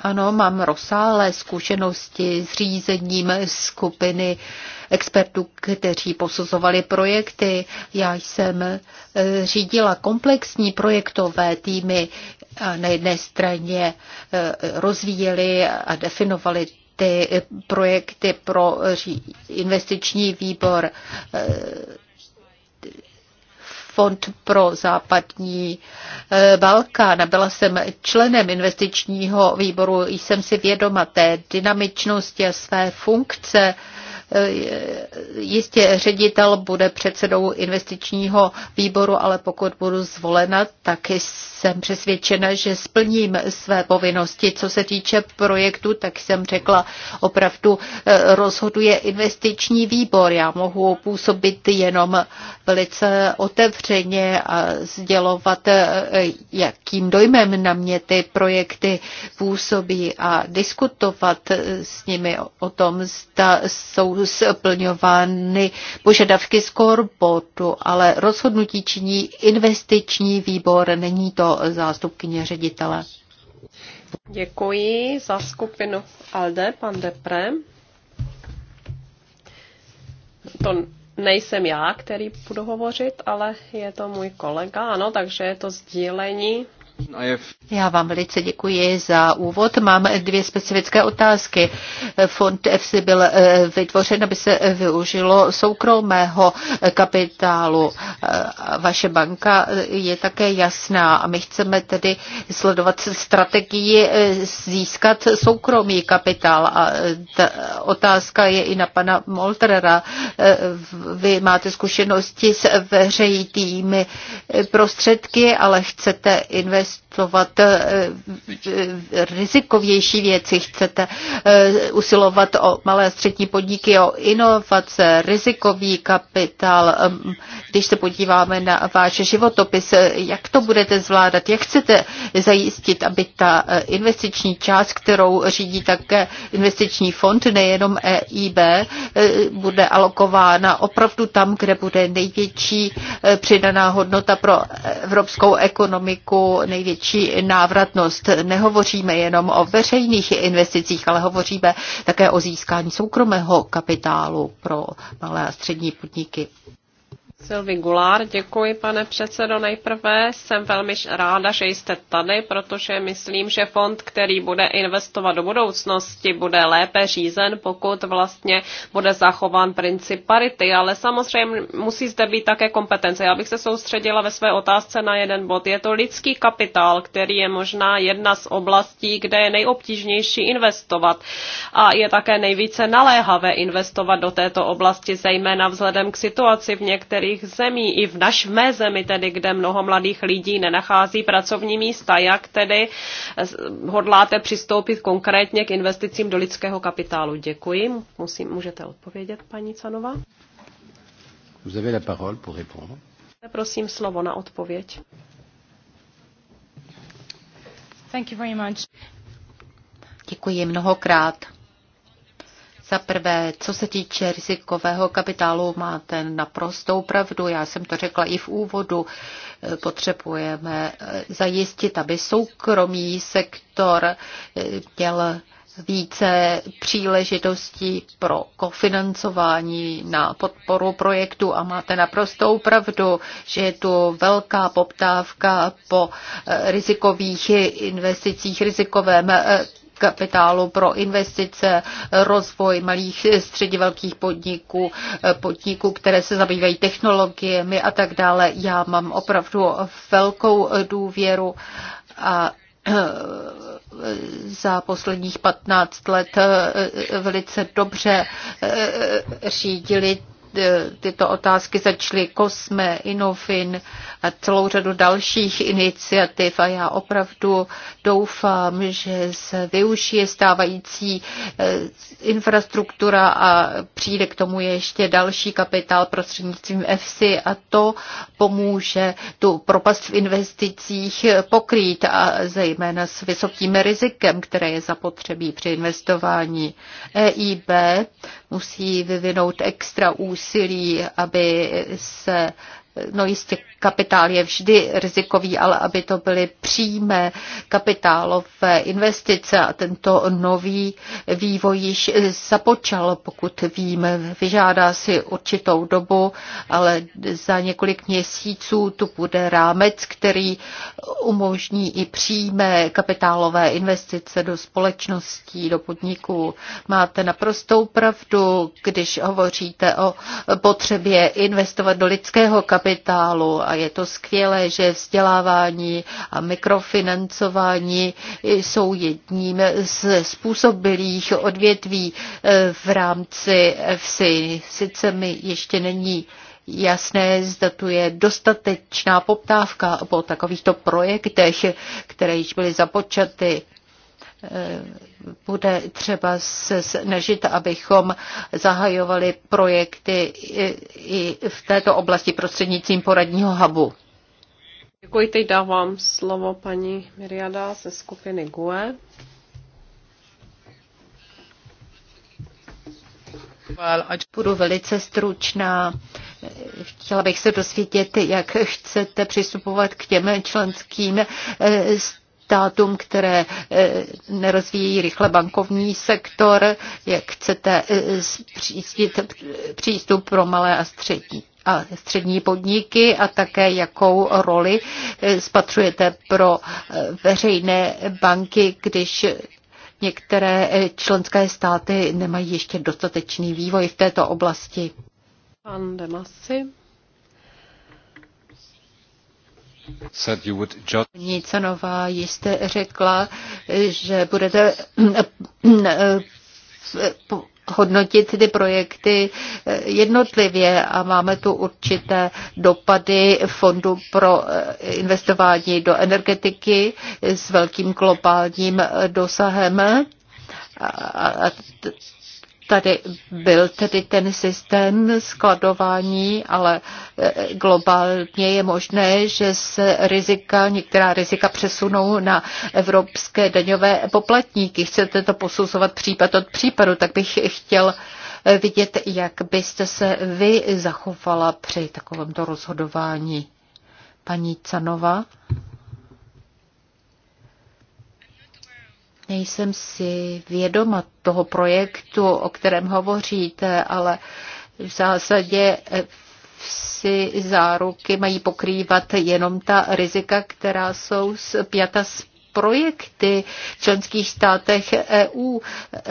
Ano, mám rozsáhlé zkušenosti s řízením skupiny uh, expertů, kteří posuzovali projekty. Já jsem e, řídila komplexní projektové týmy a na jedné straně e, rozvíjeli a definovali ty projekty pro investiční výbor e, Fond pro západní Balkán. Byla jsem členem investičního výboru, jsem si vědoma té dynamičnosti a své funkce Eh, jistě ředitel bude předsedou investičního výboru, ale pokud budu zvolena, tak jsem přesvědčena, že splním své povinnosti. Co se týče projektu, tak jsem řekla, opravdu eh, rozhoduje investiční výbor. Já mohu působit jenom velice otevřeně a sdělovat, eh, jakým dojmem na mě ty projekty působí a diskutovat s nimi o tom, zda jsou splňovány požadavky scoreboardu, ale rozhodnutí činí investiční výbor, není to zástupkyně ředitele.
Děkuji za skupinu ALDE, pan Depre. To nejsem já, který budu hovořit, ale je to můj kolega, ano, takže je to sdílení.
Já vám velice děkuji za úvod. Mám dvě specifické otázky. Fond EFSI byl eh, vytvořen, aby se využilo soukromého kapitálu. Eh, vaše banka je také jasná a my chceme tedy sledovat strategii eh, získat soukromý kapitál. A ta otázka je i na pana Moltrera. Vy máte zkušenosti s veřejnými prostředky, ale chcete investovat Eh, eh, rizikovější věci, chcete eh, usilovat o malé a střední podniky, o inovace, rizikový kapitál. Když se podíváme na váš životopis, jak to budete zvládat, jak chcete zajistit, aby ta investiční část, kterou řídí také investiční fond, nejenom EIB, bude alokována opravdu tam, kde bude největší přidaná hodnota pro evropskou ekonomiku, největší návratnost. Nehovoříme jenom o veřejných investicích, ale hovoříme také o získání soukromého kapitálu pro malé a střední podniky.
Silvi Gulár, děkuji pane předsedo. Nejprve jsem velmi ráda, že jste tady, protože myslím, že fond, který bude investovat do budoucnosti, bude lépe řízen, pokud vlastně bude zachován princip parity, ale samozřejmě musí zde být také kompetence. Já bych se soustředila ve své otázce na jeden bod. Je to lidský kapitál, který je možná jedna z oblastí, kde je nejobtížnější investovat a je také nejvíce naléhavé investovat do této oblasti, zejména vzhledem k situaci v některých svých zemí, i v naš, mé zemi tedy, kde mnoho mladých lidí nenachází pracovní místa. Jak tedy eh, hodláte přistoupit konkrétně k investicím do lidského kapitálu? Děkuji. Musím, můžete odpovědět, paní Canova?
Vous avez la parole pour répondre.
Prosím slovo na odpověď. Thank you very much. Děkuji mnohokrát. Za prvé, co se týče rizikového kapitálu, máte naprostou pravdu. Já jsem to řekla i v úvodu. Eh, potřebujeme eh, zajistit, aby soukromý sektor eh, měl více příležitostí pro kofinancování na podporu projektu a máte naprostou pravdu, že je tu velká poptávka po rizikových investicích, rizikovém kapitálu pro investice, rozvoj malých středně velkých podniků, podniků, které se zabývají technologiemi a tak dále. Já mám opravdu velkou důvěru a za posledních 15 let velice dobře řídili Eh, tyto otázky začaly Kosme, Inofin a celou řadu dalších iniciativ a já opravdu doufám, že se využije stávající eh, infrastruktura a přijde k tomu ještě další kapitál prostřednictvím EFSI a to pomůže tu propast v investicích pokrýt a zejména s vysokým rizikem, které je zapotřebí při investování. EIB musí vyvinout extra úsilí úsilí, aby se No jistě kapitál je vždy rizikový, ale aby to byly přímé kapitálové investice a tento nový vývoj již započal, pokud vím, vyžádá si určitou dobu, ale za několik měsíců tu bude rámec, který umožní i přímé kapitálové investice do společností, do podniků. Máte naprostou pravdu, když hovoříte o potřebě investovat do lidského kapitálu, kapitálu a je to skvělé, že vzdělávání a mikrofinancování jsou jedním z způsobilých odvětví eh, v rámci FSI. Sice mi ještě není jasné, zda tu je dostatečná poptávka po takovýchto projektech, které již byly započaty eh, bude třeba se snažit, abychom zahajovali projekty i v této oblasti prostřednictvím poradního hubu.
Děkuji, teď dávám slovo paní Miriada ze skupiny GUE.
Budu velice stručná. Chtěla bych se dosvědět, jak chcete přistupovat k těm členským státům, které eh, nerozvíjí rychle bankovní sektor, jak chcete eh, zpřístit přístup pro malé a střední a střední podniky a také jakou roli eh, spatřujete pro veřejné banky, když některé členské státy nemají ještě dostatečný vývoj v této oblasti. Pan
Demasi.
Nicanová jste řekla, že budete hodnotit ty projekty jednotlivě a máme tu určité dopady Fondu pro investování do energetiky s velkým globálním dosahem. A tady byl tedy ten systém skladování, ale e, globálně je možné, že se rizika, některá rizika přesunou na evropské daňové poplatníky. Chcete to posuzovat případ od případu, tak bych chtěl e, vidět, jak byste se vy zachovala při takovémto rozhodování. Paní Canova. Nejsem si vědoma toho projektu, o kterém hovoříte, ale v zásadě si záruky mají pokrývat jenom ta rizika, která jsou zpěta s projekty v členských státech EU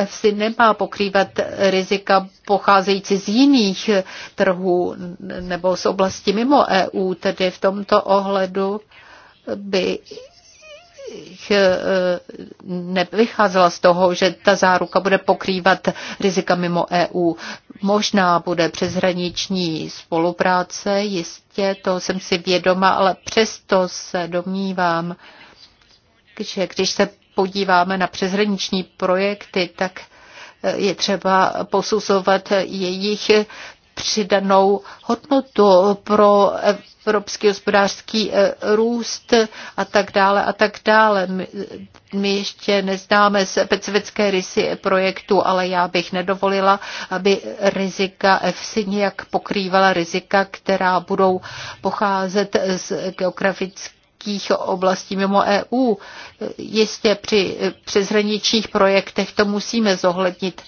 si nemá pokrývat rizika pocházející z jiných trhů nebo z oblasti mimo EU, tedy v tomto ohledu by bych eh, nevycházela z toho, že ta záruka bude pokrývat rizika mimo EU. Možná bude přeshraniční spolupráce, jistě, to jsem si vědoma, ale přesto se domnívám, že když se podíváme na přeshraniční projekty, tak eh, je třeba posuzovat jejich přidanou hodnotu pro evropský hospodářský e, růst a tak dále a tak dále. My ještě neznáme specifické rysy projektu, ale já bych nedovolila, aby rizika EFSI nějak pokrývala rizika, která budou pocházet z geografických oblastí mimo EU. E, jistě při e, přeshraničních projektech to musíme zohlednit.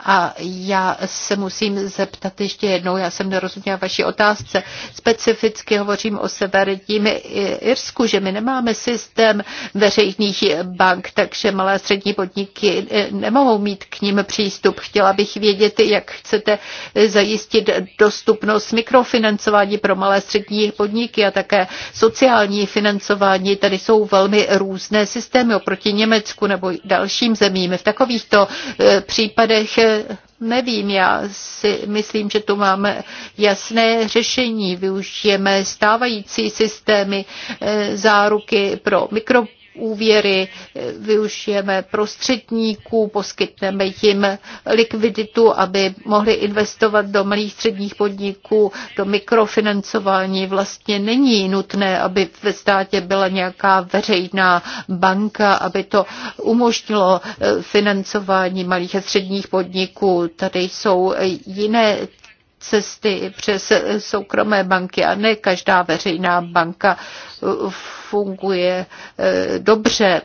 A já se musím zeptat ještě jednou, já jsem nerozuměla vaší otázce. Specificky hovořím o severním Irsku, že my nemáme systém veřejných bank, takže malé a střední podniky e, nemohou mít k ním přístup. Chtěla bych vědět, jak chcete zajistit dostupnost mikrofinancování pro malé a střední podniky a také sociální financování. Tady jsou velmi různé systémy oproti Německu nebo dalším zemím. V takovýchto e, případech Eh, nevím. Já si myslím, že tu máme jasné řešení. Využijeme stávající systémy eh, záruky pro mikro úvěry, eh, využijeme prostředníků, poskytneme jim likviditu, aby mohli investovat do malých středních podniků, do mikrofinancování. Vlastně není nutné, aby ve státě byla nějaká veřejná banka, aby to umožnilo eh, financování malých a středních podniků. Tady jsou eh, jiné cesty přes eh, soukromé banky a ne každá veřejná banka eh, funguje eh, dobře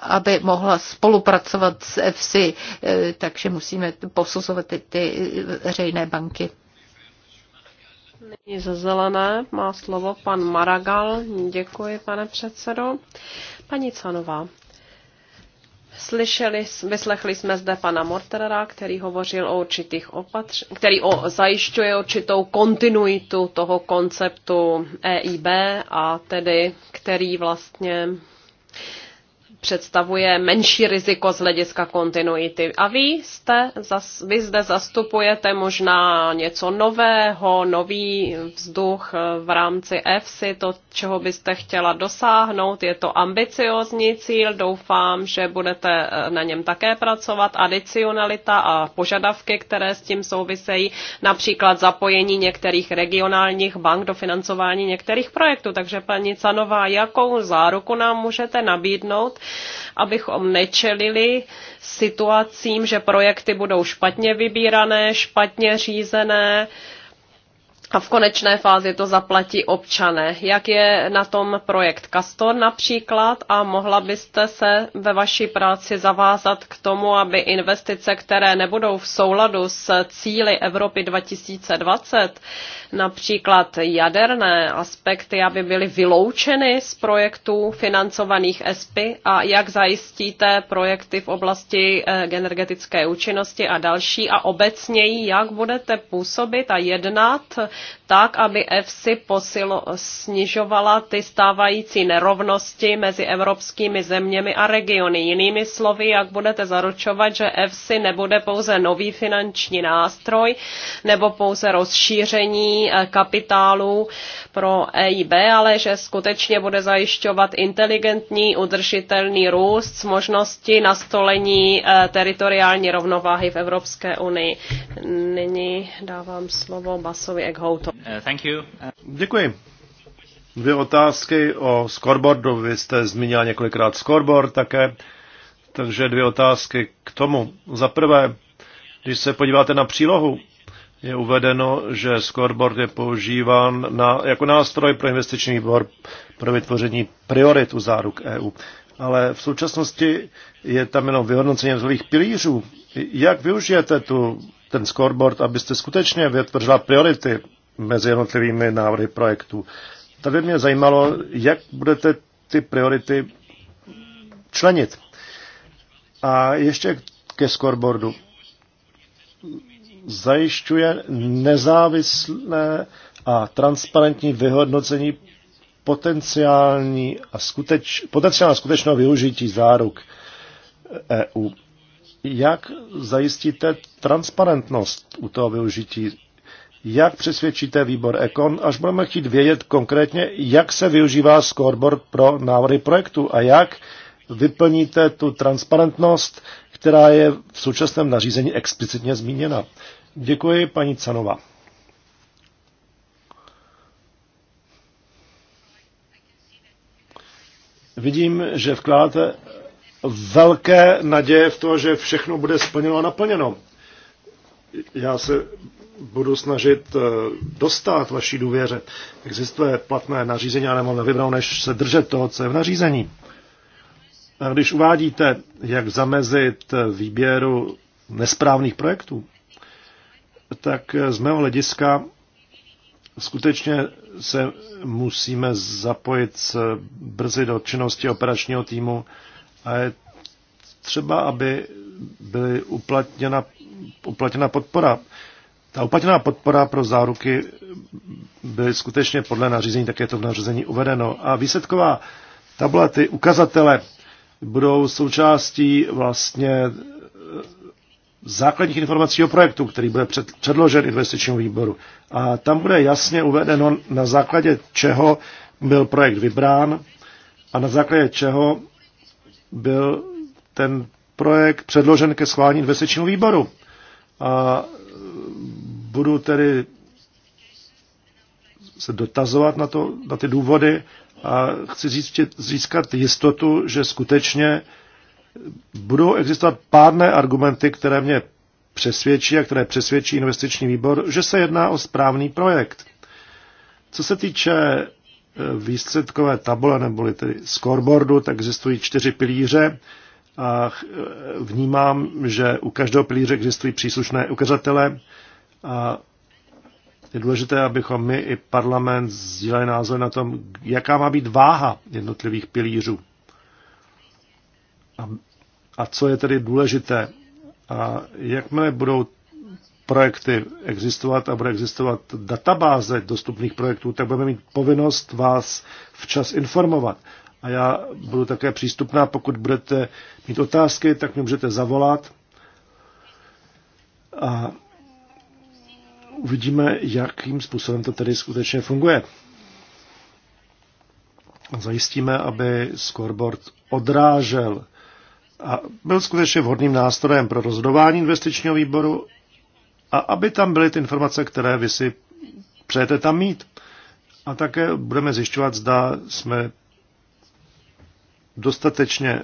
aby mohla spolupracovat s EFSI, takže musíme posuzovat ty, ty veřejné banky.
Nyní za zelené má slovo pan Maragal. Děkuji, pane předsedo. Paní Canová, Slyšeli, vyslechli jsme zde pana Mortera, který hovořil o určitých opatř, který o, zajišťuje určitou kontinuitu toho konceptu EIB a tedy, který vlastně představuje menší riziko z hlediska kontinuity. A vy, jste, vy zde zastupujete možná něco nového, nový vzduch v rámci EFSI, to, čeho byste chtěla dosáhnout. Je to ambiciozní cíl, doufám, že budete eh, na něm také pracovat. Adicionalita a požadavky, které s tím souvisejí, například zapojení některých regionálních bank do financování některých projektů. Takže paní Canová, jakou záruku nám můžete nabídnout, abychom nečelili situacím, že projekty budou špatně vybírané, špatně řízené, a v konečné fázi to zaplatí občané. Jak je na tom projekt Castor například a mohla byste se ve vaší práci zavázat k tomu, aby investice, které nebudou v souladu s cíly Evropy 2020, například jaderné aspekty, aby byly vyloučeny z projektů financovaných ESPY a jak zajistíte projekty v oblasti eh, energetické účinnosti a další a obecněji, jak budete působit a jednat tak, aby EFSI posilo, snižovala ty stávající nerovnosti mezi evropskými zeměmi a regiony. Jinými slovy, jak budete zaručovat, že EFSI nebude pouze nový finanční nástroj nebo pouze rozšíření eh, kapitálu pro EIB, ale že skutečně bude zajišťovat inteligentní, udržitelný růst s možností nastolení eh, teritoriální rovnováhy v Evropské unii. Nyní dávám slovo Basovi Eckhoff mohou to.
Eh, thank you. Děkuji. Dvě otázky o scoreboardu. Vy jste zmínila několikrát scoreboard také, takže dvě otázky k tomu. Za prvé, když se podíváte na přílohu, je uvedeno, že scoreboard je používán na, jako nástroj pro investiční výbor pro vytvoření priorit u záruk EU. Ale v současnosti je tam jenom vyhodnocení zlých pilířů. Jak využijete tu ten scoreboard, abyste skutečně vytvořila priority mezi jednotlivými návrhy projektů. Tady mě zajímalo, jak budete ty priority členit. A ještě ke scoreboardu. Zajišťuje nezávislé a transparentní vyhodnocení potenciální a skuteč, potenciálně skutečného využití záruk EU jak zajistíte transparentnost u toho využití? Jak přesvědčíte výbor Ekon, až budeme chtít vědět konkrétně, jak se využívá scoreboard pro návrhy projektu a jak vyplníte tu transparentnost, která je v současném nařízení explicitně zmíněna. Děkuji, paní Canova. Vidím, že vkládáte velké naděje v to, že všechno bude splněno a naplněno. Já se budu snažit eh, dostat vaší důvěře. Existuje platné nařízení, ale nemám nevybranou, než se držet toho, co je v nařízení. A když uvádíte, jak zamezit eh, výběru nesprávných projektů, tak eh, z mého hlediska skutečně se musíme zapojit brzy do činnosti operačního týmu, a je třeba, aby byly uplatněna, uplatněna podpora. Ta uplatněná podpora pro záruky byly skutečně podle nařízení, tak je to v nařízení uvedeno. A výsledková tabule, ty ukazatele, budou součástí vlastně eh, základních informací o projektu, který bude předložen investičnímu výboru. A tam bude jasně uvedeno, na základě čeho byl projekt vybrán a na základě čeho byl ten projekt předložen ke schválení investičního výboru. A budu tedy se dotazovat na, to, na ty důvody a chci získat jistotu, že skutečně budou existovat pádné argumenty, které mě přesvědčí a které přesvědčí investiční výbor, že se jedná o správný projekt. Co se týče výsledkové tabule neboli tedy scoreboardu, tak existují čtyři pilíře a vnímám, že u každého pilíře existují příslušné ukazatele a je důležité, abychom my i parlament sdíleli názor na tom, jaká má být váha jednotlivých pilířů a, a co je tedy důležité. A jakmile budou projekty existovat a bude existovat databáze dostupných projektů, tak budeme mít povinnost vás včas informovat. A já budu také přístupná, pokud budete mít otázky, tak mě můžete zavolat. A uvidíme, jakým způsobem to tedy skutečně funguje. Zajistíme, aby scoreboard odrážel a byl skutečně vhodným nástrojem pro rozhodování investičního výboru a aby tam byly ty informace, které vy si přejete tam mít. A také budeme zjišťovat, zda jsme dostatečně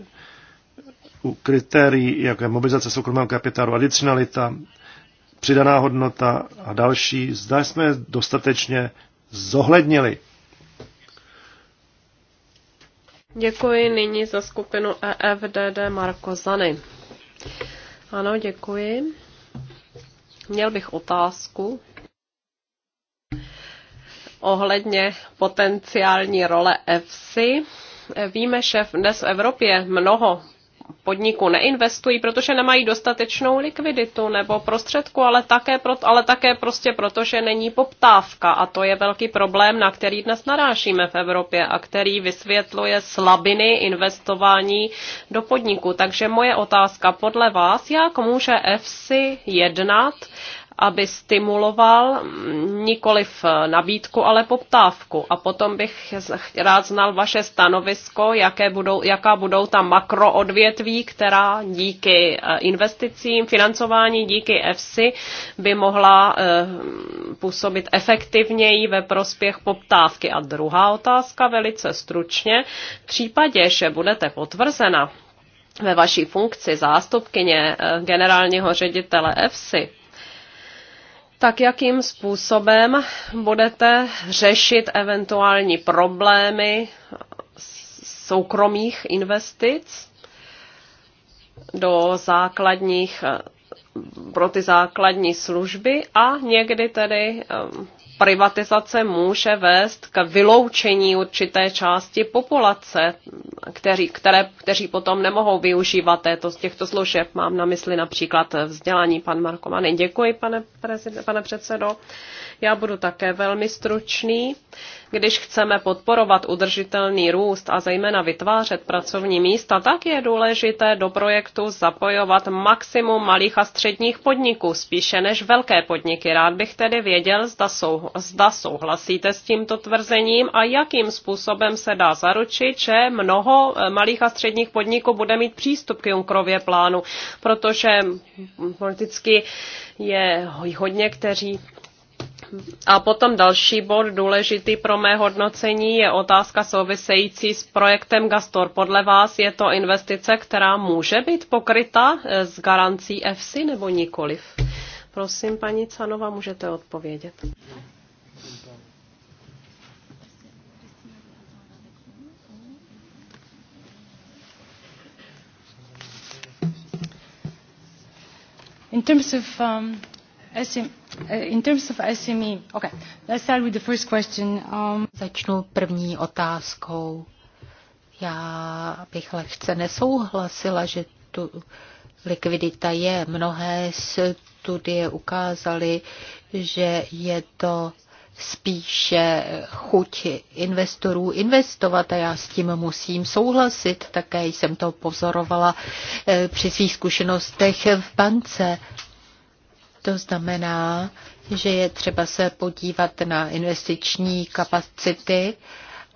u kritérií, jako je mobilizace soukromého kapitálu, adicionalita, přidaná hodnota a další, zda jsme dostatečně zohlednili.
Děkuji nyní za skupinu EFDD Marko Zany. Ano, děkuji. Měl bych otázku ohledně potenciální role EFSI. Víme, že dnes v Evropě mnoho podniku neinvestují, protože nemají dostatečnou likviditu nebo prostředku, ale také, pro, ale také prostě proto, že není poptávka. A to je velký problém, na který dnes narážíme v Evropě a který vysvětluje slabiny investování do podniku. Takže moje otázka podle vás, jak může EFSI jednat aby stimuloval nikoliv nabídku, ale poptávku. A potom bych rád znal vaše stanovisko, jaké budou, jaká budou ta makroodvětví, která díky eh, investicím, financování díky EFSI by mohla eh, působit efektivněji ve prospěch poptávky. A druhá otázka velice stručně. V případě, že budete potvrzena ve vaší funkci zástupkyně eh, generálního ředitele EFSI, tak jakým způsobem budete řešit eventuální problémy soukromých investic do základních pro ty základní služby a někdy tedy privatizace může vést k vyloučení určité části populace, kteří, které, kteří potom nemohou využívat této, z těchto služeb. Mám na mysli například vzdělání pan Markomany. Děkuji, pane, prezident, pane předsedo. Já budu také velmi stručný. Když chceme podporovat udržitelný růst a zejména vytvářet pracovní místa, tak je důležité do projektu zapojovat maximum malých a středních podniků, spíše než velké podniky. Rád bych tedy věděl, zda jsou zda souhlasíte s tímto tvrzením a jakým způsobem se dá zaručit, že mnoho eh, malých a středních podniků bude mít přístup k Junkrově plánu, protože politicky je hodně, kteří a potom další bod důležitý pro mé hodnocení je otázka související s projektem Gastor. Podle vás je to investice, která může být pokryta eh, s garancí EFSI nebo nikoliv? Prosím, paní Canova, můžete odpovědět.
In terms of um, SM, uh, in terms of SME, okay, let's start with the first question. Um... Začnu první otázkou. Já bych lehce nesouhlasila, že tu likvidita je. Mnohé studie ukázaly, že je to spíše chuť investorů investovat a já s tím musím souhlasit. Také jsem to pozorovala eh, při svých zkušenostech v bance. To znamená, že je třeba se podívat na investiční kapacity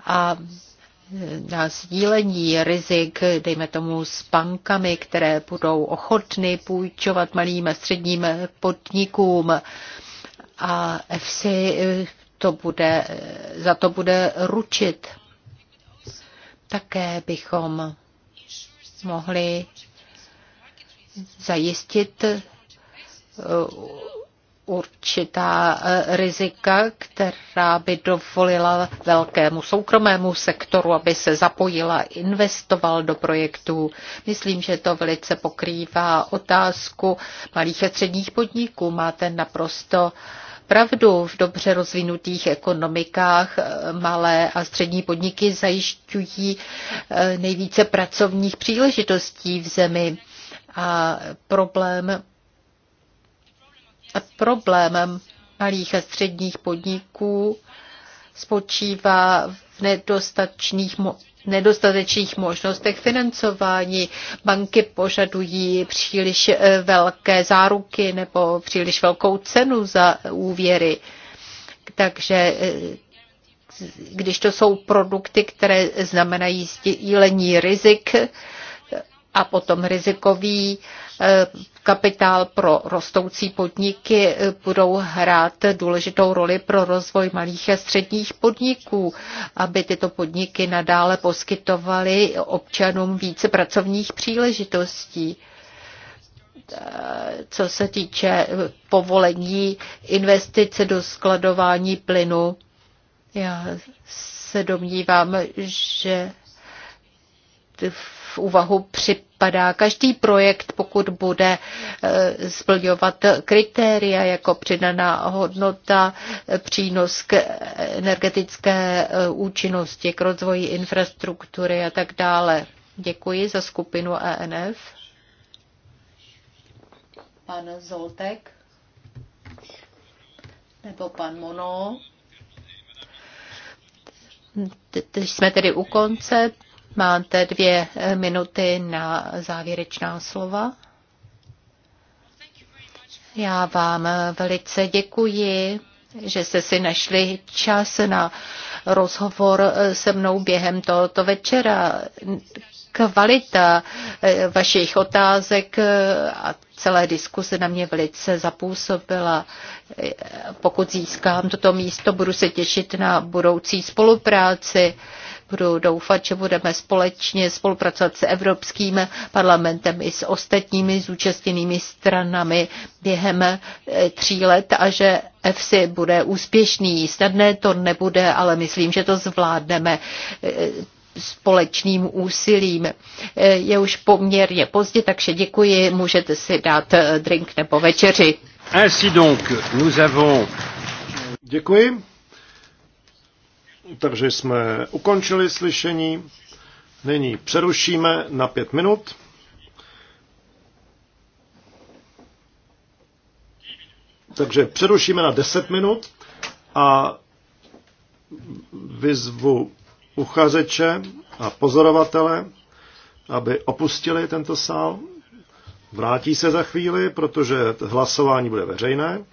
a eh, na sdílení rizik, dejme tomu s bankami, které budou ochotny půjčovat malým a středním podnikům a EFSI eh, to bude, eh, za to bude ručit. Také bychom mohli zajistit eh, určitá rizika, která by dovolila velkému soukromému sektoru, aby se zapojila, investoval do projektů. Myslím, že to velice pokrývá otázku malých a středních podniků. Máte naprosto uh, pravdu. V dobře rozvinutých ekonomikách malé a střední podniky zajišťují eh, nejvíce pracovních příležitostí v zemi. A problém, a problém malých a středních podniků spočívá v nedostatečných nedostatečných možnostech financování. Banky požadují příliš eh, velké záruky nebo příliš velkou cenu za úvěry. Takže eh, když to jsou produkty, které znamenají sdílení rizik a potom rizikový Eh, kapitál pro rostoucí podniky eh, budou hrát důležitou roli pro rozvoj malých a středních podniků, aby tyto podniky nadále poskytovaly občanům více pracovních příležitostí eh, co se týče povolení investice do skladování plynu. Já se domnívám, že v úvahu při padá každý projekt, pokud bude eh, splňovat kritéria jako přidaná hodnota, přínos k energetické eh, účinnosti, k rozvoji infrastruktury a tak dále. Děkuji za skupinu ENF. Pan Zoltek nebo pan Mono. Teď jsme tedy u konce. Máte dvě eh, minuty na závěrečná slova. Já vám eh, velice děkuji, že jste si našli čas na rozhovor eh, se mnou během tohoto večera. Kvalita vašich otázek a celé diskuse na mě velice zapůsobila. Pokud získám toto místo, budu se těšit na budoucí spolupráci Budu doufat, že budeme společně spolupracovat s Evropským parlamentem i s ostatními zúčastněnými stranami během eh, tří let a že EFSI bude úspěšný. Snadné to nebude, ale myslím, že to zvládneme eh, společným úsilím. Eh, je už poměrně pozdě, takže děkuji, můžete si dát drink nebo večeři.
Ainsi donc, nous avons... Děkuji. Takže jsme ukončili slyšení. Nyní přerušíme na pět minut. Takže přerušíme na deset minut a vyzvu uchazeče a pozorovatele, aby opustili tento sál. Vrátí se za chvíli, protože hlasování bude veřejné.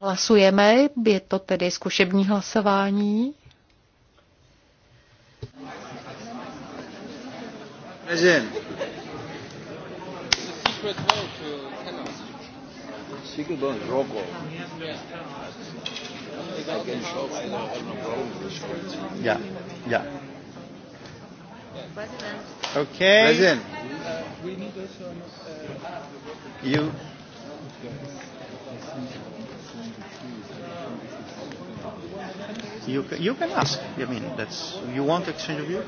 Hlasujeme, je to tedy zkušební hlasování.
Prezident. Secret vote, roll call. Yeah, yeah. Okay. Present. Uh, uh, you.
You, you can ask.
I mean, that's you want exchange of view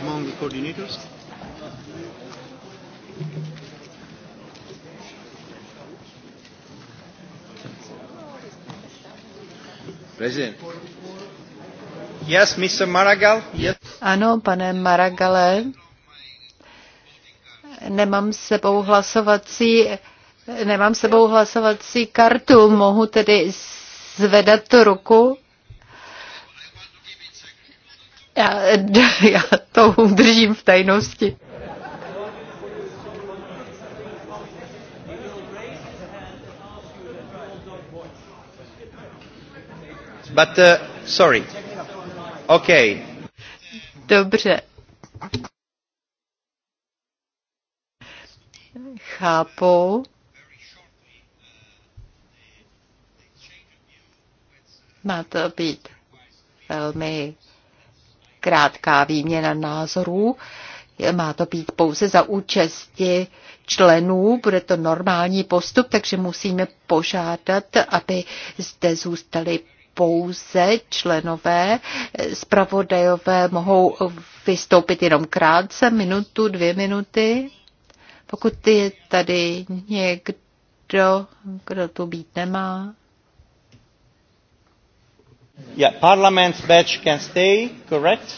among the coordinators. President. Yes, Mr. Maragall. Yes. Ano,
pane Maragale, nemám s sebou hlasovací Nemám sebou hlasovací kartu, mohu tedy zvedat tu ruku. Já, já to udržím v tajnosti. But, uh, sorry. Okay. Dobře. Chápu. Má to být velmi krátká výměna názorů. Má to být pouze za účasti členů, bude to normální postup, takže musíme požádat, aby zde zůstali pouze členové. Spravodajové mohou vystoupit jenom krátce, minutu, dvě minuty. Pokud je tady někdo, kdo tu být nemá
parliament's badge can stay, correct?